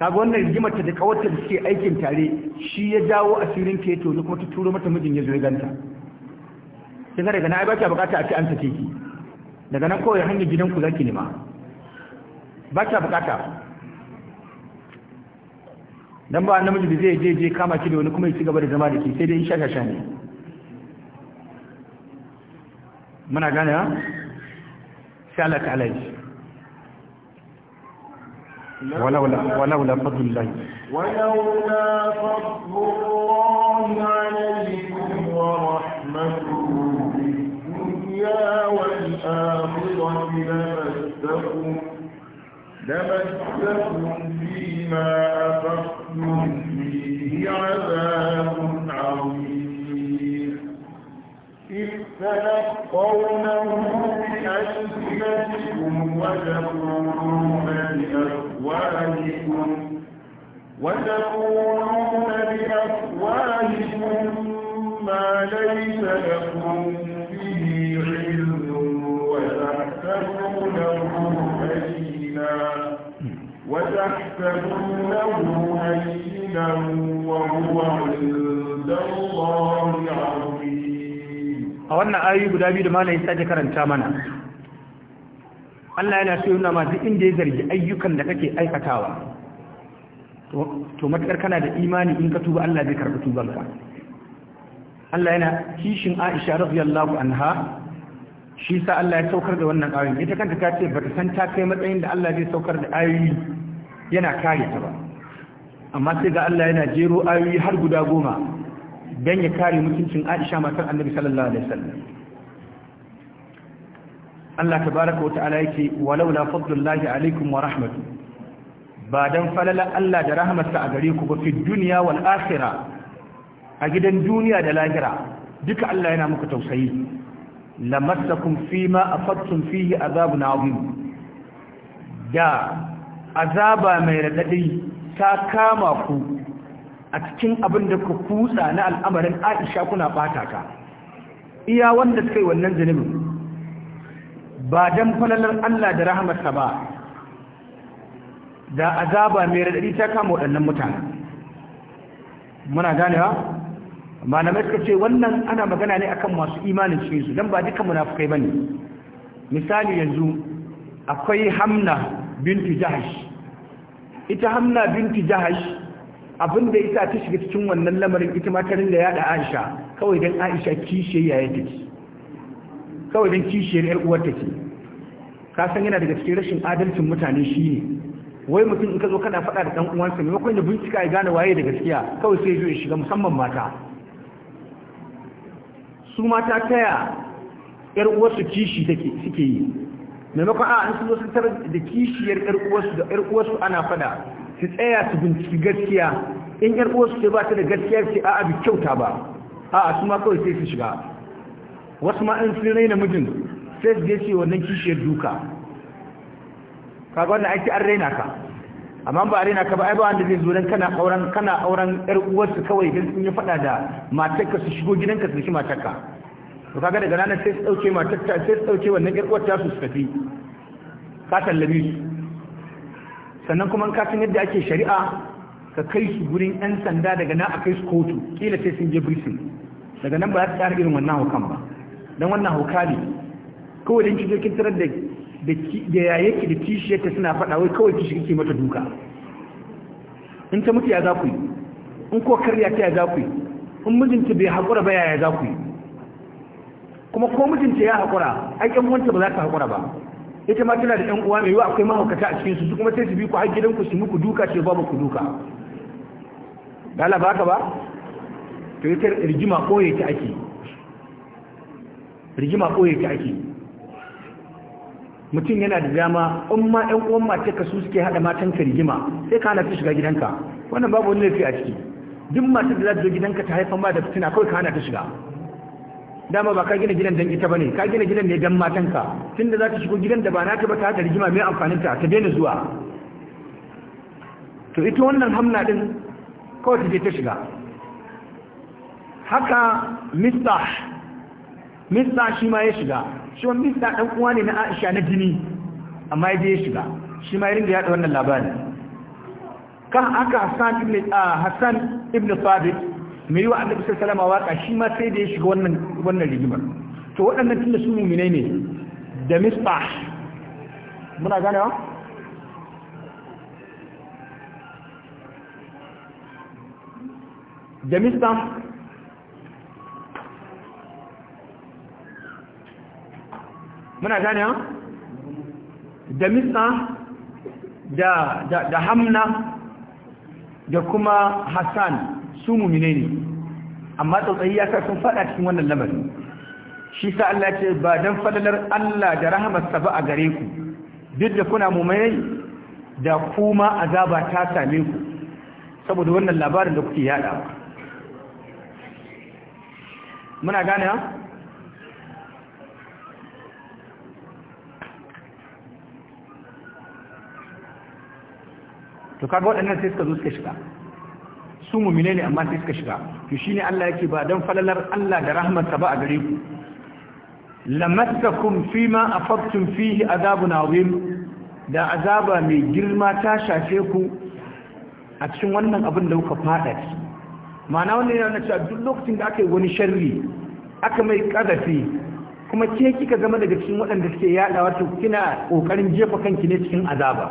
kaga wannan rigimar ta da kawarta da suke aikin tare shi ya jawo asirin ta ya toni kuma ta turo mata mijin ya zo ya ganta Sai ga daga na ai baki bukata a ci an sake ki daga nan kawai hanyar gidan ku zaki nema baki bukata dan ba namiji da zai je je kama ki da wani kuma ya ci gaba da zama da ke, sai dai in shashasha ne muna gane ha sai Allah ta alaihi ولولا ولولا فضل الله ولولا فضل الله عليكم ورحمته في الدنيا والآخرة لمسكم لمسكم فيما أفقتم فيه عذاب عظيم إذ تلقونه بألسنتكم بأفواهكم بأفواهكم ما ليس لكم به علم وتحسبونه هينا وتحسبونه هينا وهو عند الله a wannan ayoyi guda biyu da malayin sake karanta mana Allah yana so yana ma duk inda ya zargi ayyukan da kake aikatawa to matakar kana da imani in ka tuba Allah zai karɓi tubanka Allah yana kishin Aisha radiyallahu anha shi sa Allah ya saukar da wannan ayoyi ita kanta ta ce ba ta san ta kai matsayin da Allah zai saukar da ayoyi yana kare ta ba amma sai ga Allah yana jero ayoyi har guda goma don ya kare mutuncin aisha matar annabi sallallahu alaihi wasallam Allah tabaraka wa ta'ala yake walau la fadlullahi alaikum wa rahmatu ba dan falala Allah da rahmatsa a gare ku ba fi duniya wal a gidan duniya da lahira duka Allah yana muku tausayi lamassakum fima afattum fihi azabun azim da azaba mai radadi ta kama ku a cikin abin da ku kusa na al'amarin aisha kuna bata ka iya wanda suka yi wannan zunubin ba don falalar Allah da rahamarsa ba da azaba mai radadi ta kama waɗannan mutane muna ganewa malamai suka ce wannan ana magana ne akan masu imanin cikin su don ba duka munafukai bane misali yanzu akwai hamna binti jahash ita hamna binti jahash abin da ita ta shiga cikin wannan lamarin ita ma ta rinda da Aisha kawai dan Aisha kishiyar yaya take kawai dan kishiyar yar uwar take ka san yana daga cikin rashin adalcin mutane shi ne. wai mutum in ka zo kana faɗa da ɗan uwansa maimakon da bincika ya gane waye da gaskiya kawai sai zo ya shiga musamman mata su mata taya yar uwarsu kishi take suke yi maimakon a an zo sun tarar da kishiyar yar uwarsu da yar uwarsu ana faɗa su tsaya su binciki gaskiya in yar uwarsu ce ba ta da gaskiya ce a abi kyauta ba a'a su ma kawai sai su shiga wasu ma in sun raina mijin sai su je wannan kishiyar duka kaga wannan aiki an raina ka amma ba a raina ka ba ai ba wanda zai zo dan kana auren kana auren yar uwarsu kawai don sun yi fada da matarka su shigo gidanka su shi matarka to kaga daga ganana sai su dauke matarka sai su dauke wannan yar uwarta ta su tafi ka tallabi su sannan kuma ka san yadda ake shari'a ka kai su gurin yan sanda daga nan a kai su kotu kila sai sun je brisin daga nan ba za su tsara irin wannan hukan ba don wannan hauka ne kawai don kike kin tarar da da ki da ta suna faɗa wai kawai kishi kike mata duka in ta mutu ya za ku yi in ko karya ta ya za ku yi in mijinta bai haƙura ba yaya za ku yi kuma ko mijinta ya haƙura ai ƴan wanta ba za ta haƙura ba ita ma tana da ɗan uwa mai yiwa akwai mahaukata a cikin su kuma sai su bi ku har gidanku su muku duka ce ba ku duka dala ba ka ba to ita rigima koye ta ake rigima koye ta ake mutum yana da dama in ma ɗan uwan mace ka su suke haɗa matan ka rigima sai ka hana ta shiga gidanka wannan babu wani laifi a ciki duk masu da za su zo gidanka ta haifan ba da fitina kawai ka hana ta shiga dama ba ka gina gidan dan ita bane ka gina gidan ne dan matanka tunda za ta shigo gidan da ba naka ba ta da rigima mai amfanin ta ta daina zuwa to ita wannan hamna din kawai ta je ta shiga haka mistah mistah shi ma ya shiga shi wannan mistah dan uwa ne na Aisha na jini amma ya je ya shiga shi ma ya da wannan labarin kan haka Hassan ibn ah, Hassan ibn Thabit mai yiwa annabi sallallahu alaihi waka shi ma sai da ya shiga wannan wannan rigimar to waɗannan tunda su mu'minai ne da misbah muna ganewa da misbah muna gane da mitsa da hamna da kuma hassan su mumine ne amma tsautsayi ya sun fada cikin wannan lamarin shi sa Allah ce ba dan fadalar Allah da rahamarsa ba a gare ku duk da kuna mumine da kuma azaba ta same ku saboda wannan labarin da kuke yada muna gane ha to kaga waɗannan sai suka zo suka shiga su mumine ne amma sai suka shiga to shine Allah yake ba dan falalar Allah da rahmatsa ba a gare ku lamassakum fima afaqtum fihi adabun azim da azaba mai girma ta shafe ku a cikin wannan abin da kuka fada shi ma'ana wannan yana cewa duk lokacin da aka yi wani sharri aka mai kadafi kuma ke kika zama daga cikin waɗanda suke yaɗa wato kina kokarin jefa kanki ne cikin azaba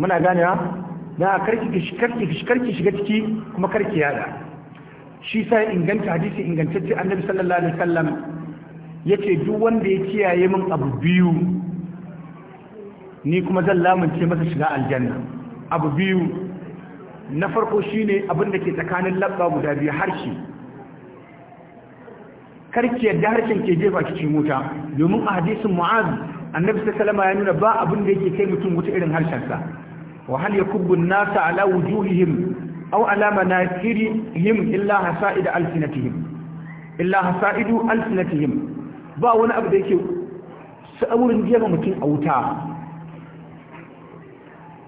muna ganewa na karki karki karki shiga ciki kuma karki yada shi sai inganta hadisi ingantacce annabi sallallahu alaihi wasallam yace duk wanda ya kiyaye min abu biyu ni kuma zan lamunce masa shiga aljanna abu biyu na farko shine abin da ke tsakanin labba guda biyu harshe karki yadda harshen ke jefa cikin wuta domin a hadisin mu'az annabi sallallahu alaihi wasallam ya nuna ba abin da yake kai mutum wuta irin harshen sa وهل يكب الناس على وجوههم أو على مناكرهم إلا حسائد ألسنتهم إلا حسائد ألسنتهم باون أبديك سأول نجيب متين أوتا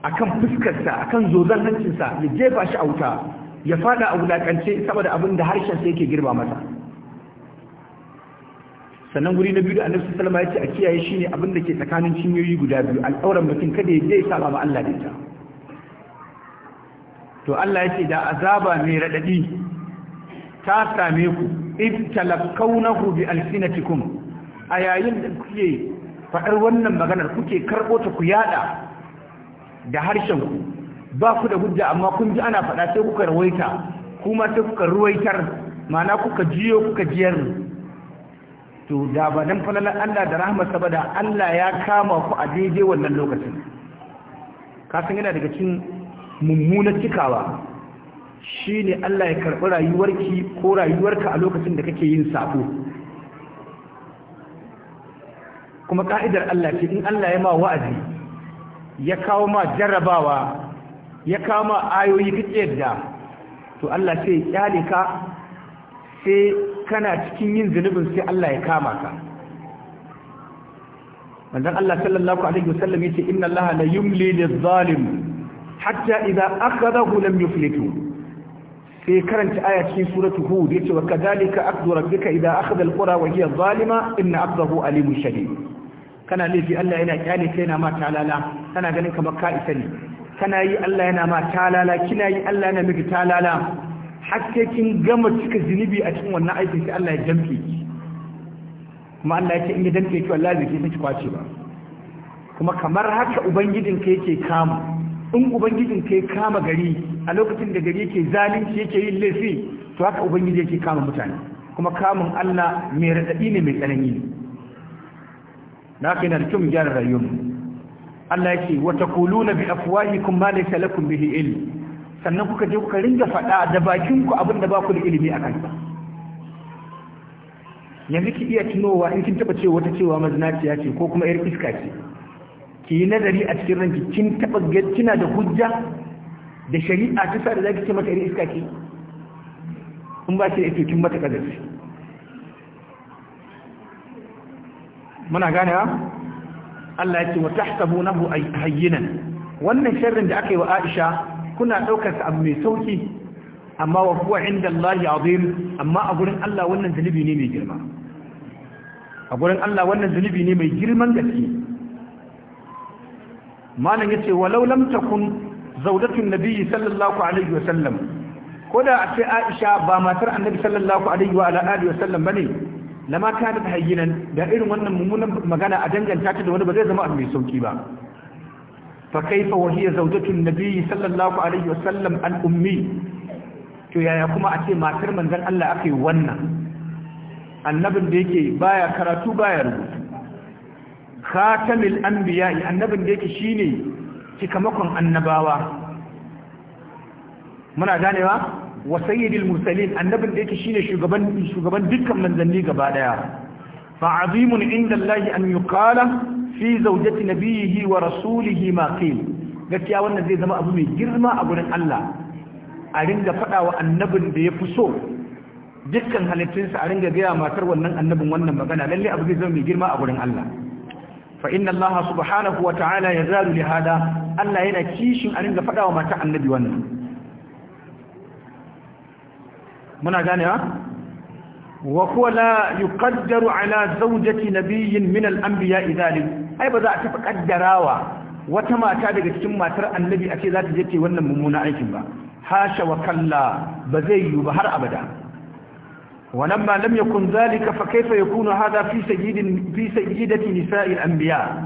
أكم fuskarsa أكم zozan hancinsa ya jefa أوتا auta أولاك أن شيء سبدا أبن abin da harshen مسا sannan wuri na biyu da annabi sallallahu alaihi wasallam ya ce a kiyaye shine abin da ke tsakanin cinyoyi guda biyu al'auran mutum kada ya je saba ma Allah da ita to Allah ya ce da azaba mai raɗaɗi ta same ku in talakkaunahu bi alsinatikum ayayin da kuke faɗar wannan maganar kuke karɓo ta ku yada da harshen ku ba ku da hujja amma kun ji ana faɗa sai kuka rawaita kuma sai kuka ruwaitar ma'ana kuka jiyo kuka jiyar to da ba dan falalar Allah da rahmatsa ba da Allah ya kama ku a daidai wannan lokacin kasan yana daga cikin mummunar cikawa shi ne Allah ya karɓi rayuwarki ko rayuwarka a lokacin da kake yin sako kuma ƙa'idar Allah ce in Allah ya ma wa'azi ya kawo ma jarrabawa ya kawo ma ayoyi kake yadda to Allah sai ya kyale ka sai kana cikin yin zunubin sai Allah ya kama ka manzon Allah sallallahu alaihi wasallam yace inna Allah la yumli lil-zalim hatta idza akhadahu lam yuflitu sai karanta aya cikin suratu hud yace wa kadhalika akhdhu rabbika idza akhadha alqura wa hiya zalima inna akhdahu alimun shadid kana laifi Allah yana kyale kai na ma talala kana ganin kamar ka isa ne kana yi Allah yana ma talala kina yi Allah yana miki talala hakke kin gama cika zinubi a cikin wannan aikin sai Allah ya jamfe ki kuma Allah ya ce in ya jamfe ki wallahi zai ki kwace ba kuma kamar haka ubangijin ka yake kamu in ubangijin kai kama gari a lokacin da gari yake zalunci yake yin laifi to haka ubangiji yake kama mutane kuma kamun Allah mai raɗaɗi ne mai tsanani na kai na da gyara rayuwar Allah yake wa taquluna bi afwahikum ma laysa lakum bihi ilm sannan kuka je kuka ringa faɗa da bakin ku abin da ba ku da ilimi akan sa yanzu ki iya tunowa in kin taba cewa wata cewa mazinaciya ce ko kuma yar iska ce ki yi nazari a cikin ranki kin taba kina da hujja da shari'a ta sa da zaki ce mata iska ki in ba ki da ita kin mata kadari muna ganewa Allah ya ce wa tahsabunahu hayyinan wannan sharrin da aka yi wa Aisha kuna daukar sa abu mai sauki amma wa huwa inda Allah azim amma a gurin Allah wannan zalibi ne mai girma a gurin Allah wannan zunubi ne mai girman gaske malam yace walau lam takun zaudatun nabiyyi sallallahu alaihi wa sallam ko da ce Aisha ba matar Annabi sallallahu alaihi wa alihi wa sallam bane lama kanat hayyinan da irin wannan mummunan magana a danganta ta da wani ba zai zama abu mai sauki ba fa kaifa wa hiya zawjatu an-nabi sallallahu alaihi wa sallam al-ummi to yaya kuma a ce matar manzon Allah akai wannan annabin da yake baya karatu baya rubutu Katamil an biya anbiya annabin da yake shi ne cikamakon annabawa muna ganewa wa sayyidil mursalin annabin da yake shi ne shugaban dukkan manzanni gaba daya fa azimun inda Allah an yuqala fi na nabiyhi wa rasulihi ma qil gaskiya wannan zai zama abu mai girma a gurin Allah a ringa faɗa wa annabin da ya fi so dukkan halittinsa a ringa gaya matar wannan annabin wannan magana lalle abu zai zama mai girma a gurin Allah fa inna Allah subhanahu wa ta'ala yazalu li hada Allah yana kishin a ringa fada wa mata annabi wannan muna gane ha wa huwa la yuqaddaru ala zawjati nabiyyin min al-anbiya idhalik ai ba za a tafi kaddarawa wata mata daga cikin matar annabi a ce za ta je ta wannan mummuna aikin ba hasha wa kalla ba zai yiwu ba har abada ولما لم يكن ذلك فكيف يكون هذا في سيد في سيدة نساء الأنبياء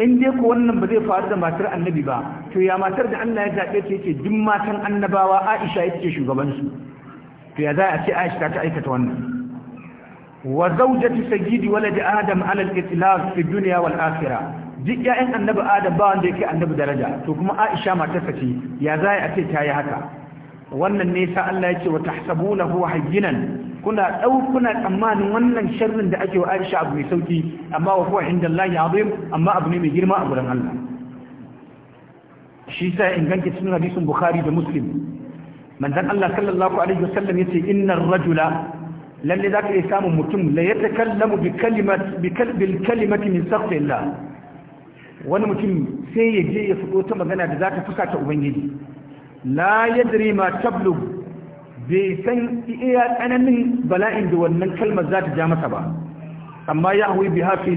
in dai wannan ba zai faru da matar annabi ba to ya matar da Allah ya zaɓe ta yake duk matan annabawa Aisha yake shugabansu to ya za a ce Aisha ta aikata wannan wa zawjatu sayyidi walad adam ala al-itlaq fi dunya wal akhirah duk 'ya'yan annabi Adam ba wanda kai annabi daraja to kuma Aisha matarsa ce ya za a ce ta yi haka wannan ne sa Allah ya ce wa tahsabunahu hayyinan kuna dau kuna tsammanin wannan sharrin da ake wa Aisha abu mai sauki amma wa huwa indallahi azim amma abu ne mai girma a gurin Allah shi sa inganta cikin hadisin Bukhari da Muslim manzon Allah sallallahu alaihi wasallam yace innar rajula lalle zaka iya samun mutum la yatakallamu bi kalimat bi kalbil kalimati min wani mutum sai ya je ya fito ta magana da zaka fuka ta ubangiji la yadri ma tablu bai san iya tsananin bala'in da wannan kalmar za ta ja masa ba amma ya hawi bi hafi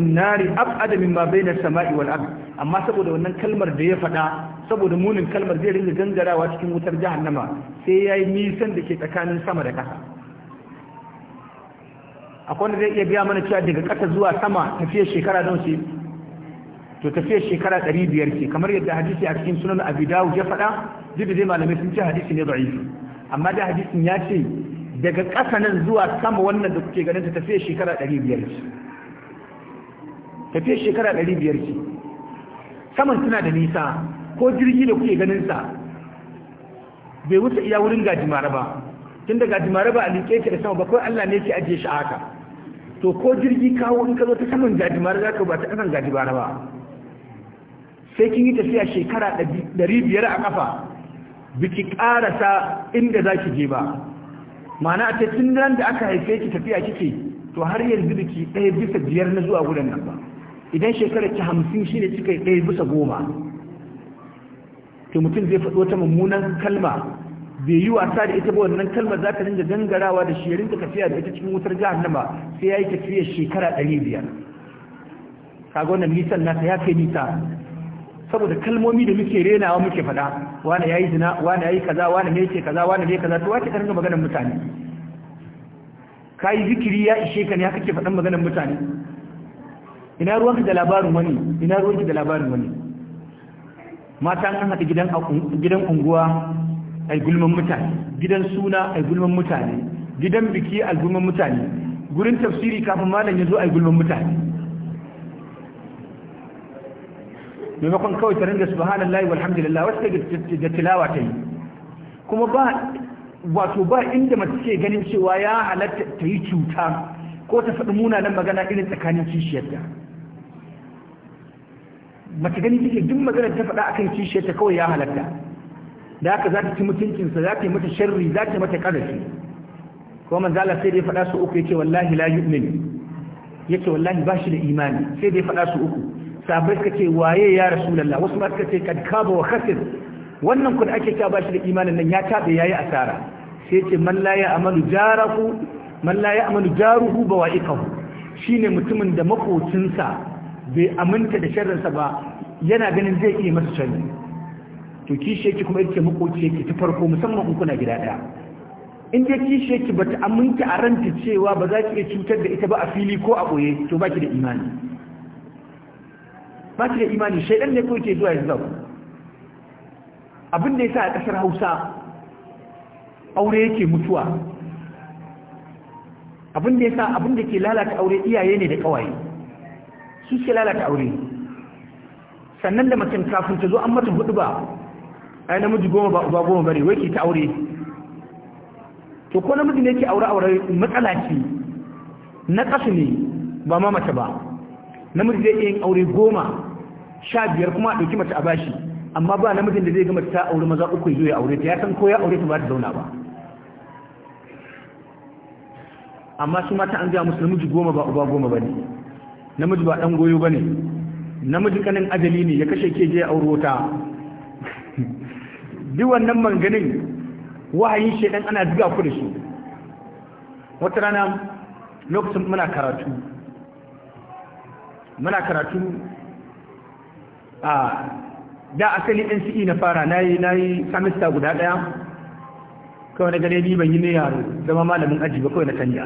adamin ma bai na sama'i wal abu. amma saboda wannan kalmar da ya faɗa saboda munin kalmar zai ringa gangarawa cikin wutar jahannama sai ya yi nisan da ke tsakanin sama da ƙasa akwai wanda zai iya biya mana cewa daga ƙasa zuwa sama tafiya shekara don shi to tafiyar shekara ɗari biyar ce kamar yadda hadisi a cikin sunan abu dawo ya faɗa duk da dai malamai sun ce hadisi ne ba'i. amma da hadisin ya ce daga ƙasa nan zuwa sama wannan da kuke ganin ta tafiyar shekara ɗari biyar ce tafiyar shekara ɗari biyar ce saman suna da nisa ko jirgi da kuke ganin sa bai wuce iya wurin gajimare ba tun da gajimare ba a liƙe ta da sama ba kawai Allah ne ke ajiye shi a haka to ko jirgi kawo in ka zo ta saman gajimare za ka ba ta ƙasan gajimare ba sai kin yi tafiya shekara ɗari biyar a ƙafa biki ƙarasa inda za ki je ba mana a tun ran da aka haife ki tafiya kike to har yanzu biki ɗaya bisa biyar na zuwa gudan nan ba idan shekarar ki hamsin shi ne kika yi ɗaya bisa goma to mutum zai faɗo ta mummunan kalma bai yi wasa da ita ba wannan kalmar za ta dinga gangarawa da shirin tafiya da ita cikin wutar jahannama sai ya yi tafiya shekara ɗari biyar kaga wannan nisan nasa ya kai nisa saboda kalmomi da muke renawa muke faɗa wani yayi zina wani yayi kaza wani ne yake kaza wani ne kaza to wace ka ga maganar mutane kai zikiri ya ishe ka ne haka kake faɗan maganar mutane ina ruwanka da labarin wani ina ruwanki da labarin wani mata an haɗa gidan gidan unguwa ai gulman mutane gidan suna ai gulman mutane gidan biki ai gulman mutane gurin tafsiri kafin malam ya zo ai gulman mutane maimakon kawai ta ringa subhanallahi walhamdulillah wasu da tilawa ta yi kuma ba wato ba inda mace ke ganin cewa ya halatta ta yi cuta ko ta faɗi munanan magana irin tsakanin kishiyarta mace gani take duk maganar ta faɗa akan kishiyarta kawai ya halatta da haka za ta ci mutuncinsa za ta yi mata sharri za ta yi mata ƙarfi kuma manzala sai dai faɗa su uku yace wallahi la yu'min yace wallahi ba shi da imani sai dai faɗa su uku sahabbai suka ce waye ya rasu lalla wasu ma suka ce kan kaba wa khasir wannan kun ake ta bashi da imanin nan ya tabe yi asara sai ce man la ya amalu jaruhu ba wa shi ne mutumin da makocinsa bai aminta da sharrinsa ba yana ganin zai iya masa canji to kishi yake kuma yake makoci yake ta farko musamman in kuna gida daya in dai kishi yake bata aminta a ranta cewa ba za ki iya cutar da ita ba a fili ko a boye to ba ki da imani ba ki da imani shaidan ne kawai ke zuwa yanzu zau abinda ya sa a ƙasar hausa aure yake mutuwa abinda ya sa abinda ke lalata aure iyaye ne da ƙawaye su ke lalata aure sannan da makin kafin ta zo an mata hudu ba yi namiji goma ba uba goma bare wai ke ta aure to ko namiji ne ke aure aure matsala ce na kasu ne ba ma mace ba namiji zai iya yin aure goma sha biyar kuma a ɗauki mace a bashi amma ba namijin da zai ga mace ta aure maza uku ya zo ya aure ta ya san ko ya aure ta ba ta zauna ba amma su mata an gaya musu namiji goma ba uba goma ba ne namiji ba ɗan goyo ba ne namiji kanin ajali ne ya kashe keje a auro ta (laughs) duk wannan manganin wahayin shaidan ana diga ku da shi wata rana lokacin muna karatu muna karatu a da asali nce na fara na yi semester samista guda daya kawai na gane ni ban yi ne yaro zama malamin aji ba kawai na canja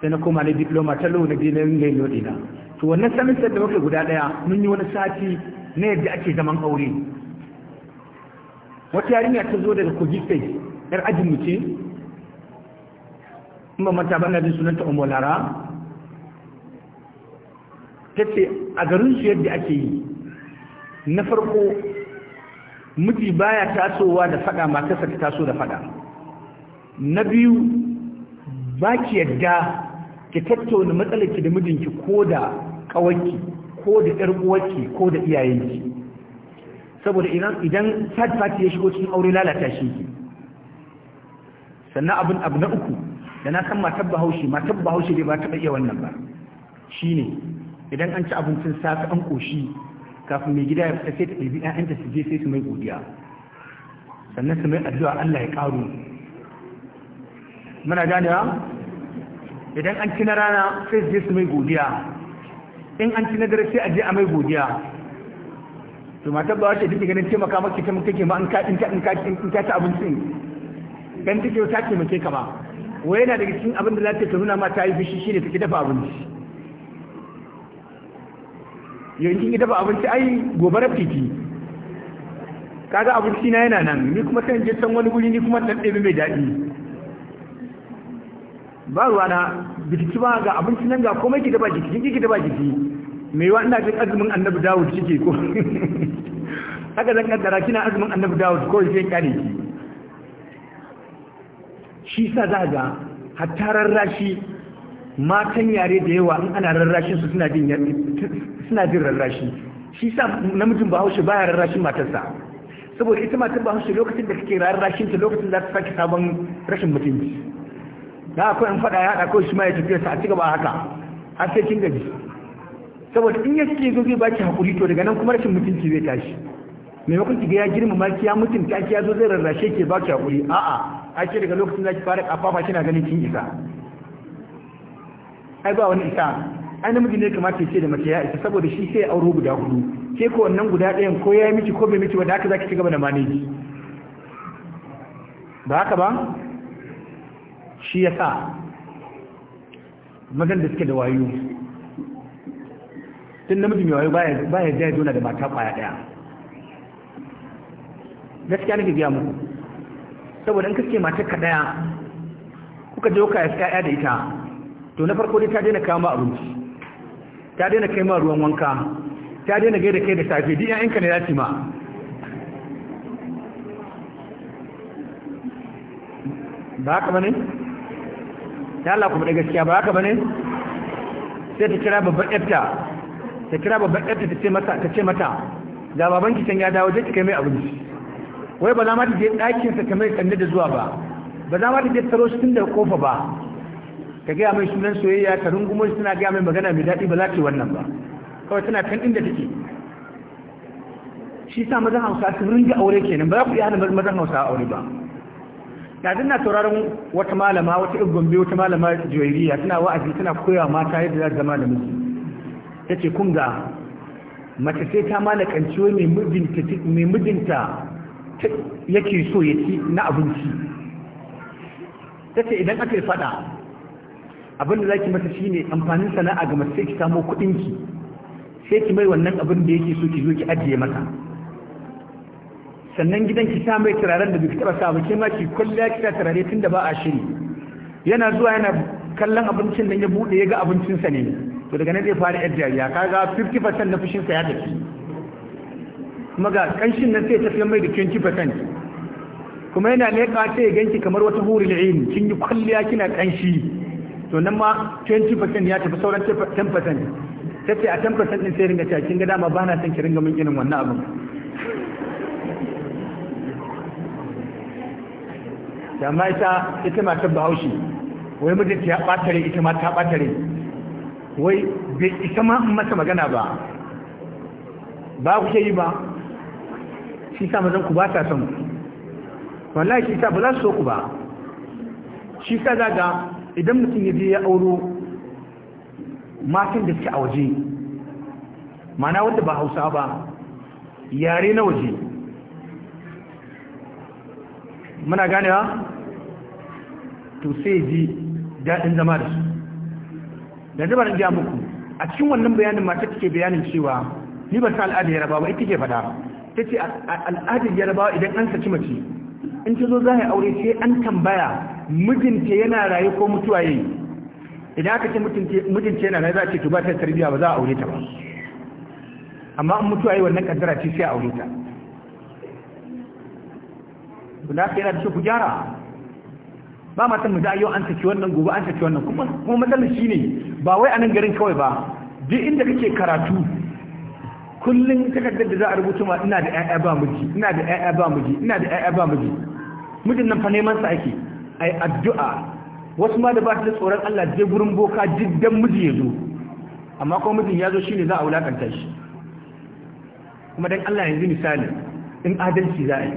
sai na koma na diploma ta lo na biyu na yin lodi na to wannan samista da muke guda daya mun yi wani sati na yadda ake zaman aure wata yarinya ta zo daga kogi state yar ajin mu ce in ba mata bana jin sunanta umolara ta ce a garin su yadda ake yi na farko miji baya tasowa da faɗa matarsa ta taso da faɗa na biyu ba ki yadda ki tattauna matsalarki da mijinki ko da ƙawarki ko da ƴar uwarki ko da iyayenki saboda idan idan third party ya shigo cikin aure lalata shi ki sannan abin abu na uku da na san matar bahaushe matar bahaushe dai ba taɓa iya wannan ba shine idan an ci abincin safe an ƙoshi kafin mai gida ya fita sai ta ɗabi ‘ya'yanta su je sai su mai godiya sannan su mai addu'a Allah ya ƙaru muna ganewa idan an ci na rana sai su je su mai godiya in an ci na dare sai a je a mai godiya to matar ba wace duk ganin taimaka maka ta ke ma in ka in ka in ka in ka ta abincin dan take ta taimake ka ma wai yana daga cikin abin da za ta nuna ma ta yi bishi ta take dafa abinci yankin dafa abinci ai gobe titi kaga abinci na yana nan ni kuma sai je can wani guri ni kuma dan ɗebe mai daɗi ba ruwa na biki ba ga abinci nan ga komai ki dafa jiki ki ki dafa jiki me wa ina jin azumin annabi dawud kike ko (laughs) haka zan kaddara kina azumin annabi dawud ko sai kare ki shi sa za ga hattarar rashi matan yare da yawa in ana rarrashin su suna jin suna jin rarrashi shi sa namijin bahaushe baya rarrashin matarsa saboda ita matan bahaushe lokacin da kake rarrashin ta lokacin za ta saki sabon rashin mutunci da akwai an faɗa ya haɗa kawai shi ma ya tafiya sa a cigaba haka har sai kin gaji saboda in ya cike zo zai baki hakuri to daga nan kuma rashin mutunci zai tashi maimakon kiga ya girmama ki ya mutunta ki ya zo zai rarrashe ke baki hakuri a'a ake daga lokacin da ki fara kafafa kina ganin kin isa ai ba wani isa ai namiji ne kamata ya ce da mace ya isa saboda shi sai auro guda hudu ke ko wannan guda ɗayan ko ya yi miki ko bai miki ba da haka zaki ci gaba da maneji ba haka ba shi ya sa Magan da suke da wayo tun namiji mai wayo ba ya zai zona da mata kwaya ɗaya gaskiya nake biya muku saboda in kaske mata ka ɗaya. kuka je kuka yaska ya da ita to na farko dai ta daina kama abinci ta daina kai ma ruwan wanka ta daina gaida kai da safe duk ƴaƴanka ne zaki ma ba ka bane ya Allah kuma da gaskiya ba ka bane sai ta kira babban yatta ta kira babban yatta ta ce mata ta ce mata da baban ki can ya dawo je ki kai mai abinci wai ba za ma ta je ɗakin sa kamar sanne da zuwa ba ba za ma ta je taro shi tun da kofa ba Ka gaya mai sunan soyayya ta rungumar suna gaya mai magana mai daɗi ba za ta yi wannan ba kawai tana kan inda take shi sa mazan hausa su ringa aure kenan ba za ku iya hana mazan hausa aure ba da zina sauraron wata malama wata gombe wata malama juwairiya tana wa'azi tana koyawa mata yadda za zama da miji ta ce kun ga mace sai ta malakanci wai mai mijinta yake so ya ci na abinci ta ce idan aka yi fada abin da zaki mata ne amfanin sana'a ga mace ki samo kuɗin ki sai ki mai wannan abin da yake so ki zo ki ajiye mata sannan gidan ki sa mai turaren da bai taɓa sa ba ke ma ki kwalliya ki sa turare da ba a shiri yana zuwa yana kallon abincin nan ya buɗe ya ga abincinsa ne to daga nan zai fara yar jariya kaga 50% na fushinsa ya tafi kuma ga kanshin nan sai ya tafi mai da 20% kuma yana leƙa sai ya ganki kamar wata hurul ain kin yi kwalliya kina kanshi to nan ma 20% ya tafi sauran 10% ta ce a 10% din sai ringa ta kin ga dama ba na son ki ringa min irin wannan abin da ma ita ita ma ta bahaushe wai mijinta ya ɓatare ita ma ta ɓatare wai bai ita ma masa magana ba ba ku ke yi ba shi sa mazan ku ba ta san wallahi shi sa ba za su so ku ba shi sa za ga idan mutum ya je ya auro matan da suke a waje mana wanda ba hausa ba yare na waje muna ganewa to sai ji daɗin zama da su da zama da ja muku a cikin wannan bayanin mata take bayanin cewa ni ba ta al'adar yarabawa ita ke fada ta ce al'adar yarabawa idan an saki mace in ta zo za a yi aure sai an tambaya mijinta yana raye ko mutuwa yayi idan aka ce mijinta yana raye za a ce to ba ta tarbiya ba za a aure ta ba amma an mutuwa yayi wannan kaddara ce sai a aure ta to da yana da shi ku gyara ba ma san mu da yau an saki wannan gobe an saki wannan kuma kuma matsalar ne ba wai anan garin kawai ba duk inda kake karatu kullun takardar da za a rubuta ma ina da ƴaƴa ba miji ina da ƴaƴa ba miji ina da ƴaƴa ba miji mijin nan fa neman sa ake ai addu'a wasu ma da ba su da tsoron Allah je gurin boka jiddan miji ya zo amma kuma mijin ya zo shine za a wulakanta shi kuma dan Allah yanzu misali in adalci za a yi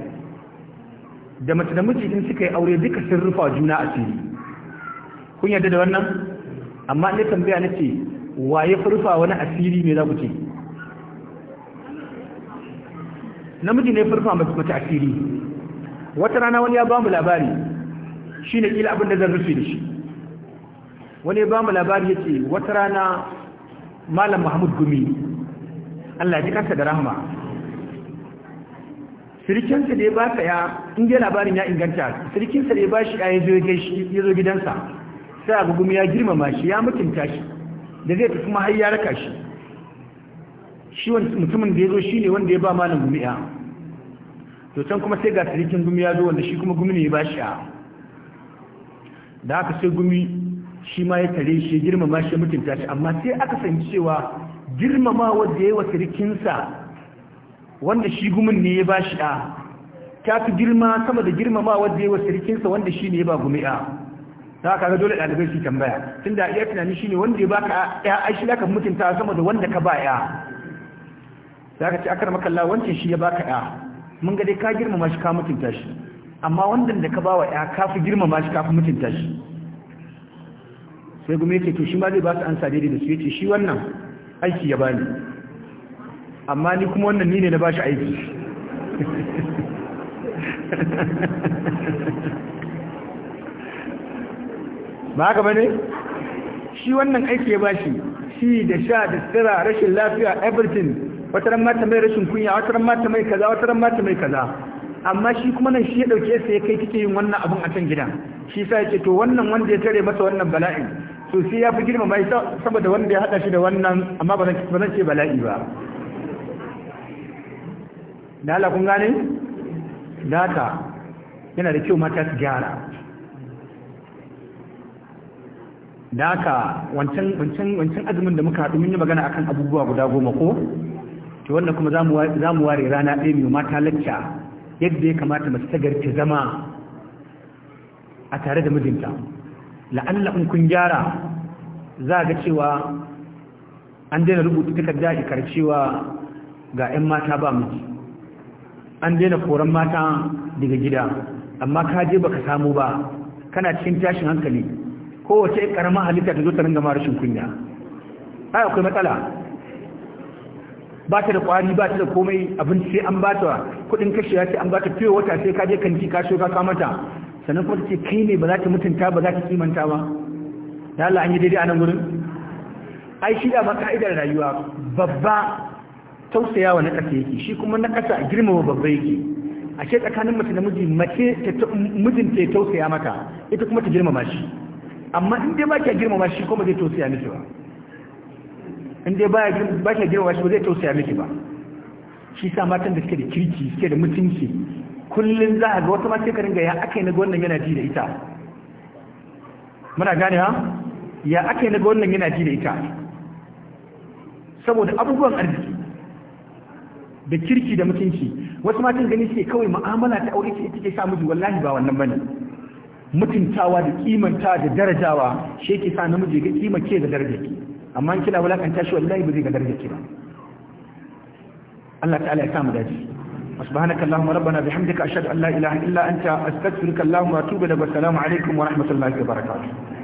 da mace da miji in suka yi aure duka sun rufa juna a fili kun yarda da wannan amma ne tambaya nace wa ya furfa wani asiri me za ku ce namiji ne furfa mace asiri wata rana wani ya ba mu labari shi ne ila abin da zan rufe da shi wani ba mu labari ya ce wata rana malam mahmud gumi allah ji kansa da rahama sirikinsa da ya ba ya inda labarin ya inganta sirikinsa da ya ba shi ya zo gidansa sai abu gumi ya girmama shi ya mutunta shi da zai tafi har ya raka shi shi mutumin da ya zo shi ne wanda ya ba malam gumi ya to can kuma sai ga sirikin gumi ya zo wanda shi kuma gumi ne ya ba shi a da aka sai gumi shi ma ya tare shi girmama shi mutunta shi amma sai aka san cewa girmama wanda ya yi wa sirikinsa wanda shi gumin ne ya ba shi a ta fi girma sama da girmama wanda ya yi wa sirikinsa wanda shi ne ya ba gumi a ta haka ga dole ɗalibai su tambaya tun da iya tunani shi ne wanda ya baka ya aishi da ka mutunta sama da wanda ka ba ya za ka ce akar makalla wancan shi ya baka ya mun ga dai ka girmama shi ka mutunta shi amma wannan da ka ba wa ya kafi girmama shi kafi mutunta shi sai gumi ce to shi ma zai ba su ansa daidai da su ce shi wannan aiki ya bani amma ni kuma wannan ni ne na ba shi aiki (laughs) ba haka bane shi wannan aiki ya bashi shi da sha da tsira rashin lafiya everything wata mata mai rashin kunya wata mata mai kaza wata mata mai kaza amma shi kuma nan shi ya dauke sa ya kai kike yin wannan abun a can gidan shi sa yake to wannan wanda ya tare masa wannan bala'in to sai ya fi girma mai saboda wanda ya hada shi da wannan amma ba zan ce bala'i ba da Allah kun gane data yana da kyau mata su gyara da haka wancan wancan wancan azumin da muka haɗu mun yi magana akan abubuwa guda goma ko to wannan kuma za mu ware rana ɗaya mai mata lacca yadda ya kamata mace ta zama a tare da mijinta la'alla in kun gyara za ga cewa an daina rubuta takarda ikar cewa ga 'yan mata ba miji an daina koran mata daga gida amma ka je baka samu ba kana cikin tashin hankali kowace ƙaramin halitta ta zo ta ringa marashin kunya ai akwai matsala ba ta da kwari ba ta da komai abinci sai an ba ta kudin kashewa sai an ba ta fiye wata sai ka je kanti ka shoka ka mata sannan kuma ta ce kai ne ba za ta mutunta ba za ta kimanta ba ya Allah an yi daidai a nan gurin ai shi da ma ka'idar rayuwa babba tausayawa na ƙasa yake shi kuma na ƙasa girmama babba yake ashe tsakanin mace da miji mace mijinta ya tausaya mata ita kuma ta girmama shi amma in dai ba ka girmama shi kuma zai tausaya miki ba in dai baya ba girma shi ba zai tausaya miki ba shi sa matan da suke da kirki suke da mutunci kullun za a ga wata ma sai ka ringa ya aka yi na wannan yana ji da ita muna gane ha ya aka yi na wannan yana ji da ita saboda abubuwan arziki da kirki da mutunci wasu matan gani suke kawai mu'amala ta aure ce take sa miji wallahi ba wannan bane mutuntawa da kimanta da darajawa shi yake sa namiji ga kimanke da daraja ki amma in kina wulakanta shi wallahi ba zai ga darajar ki ba Allah ta'ala ya samu daji سبحانك اللهم ربنا بحمدك أشهد أن لا إله إلا أنت أستغفرك اللهم وأتوب إليك والسلام عليكم ورحمة الله وبركاته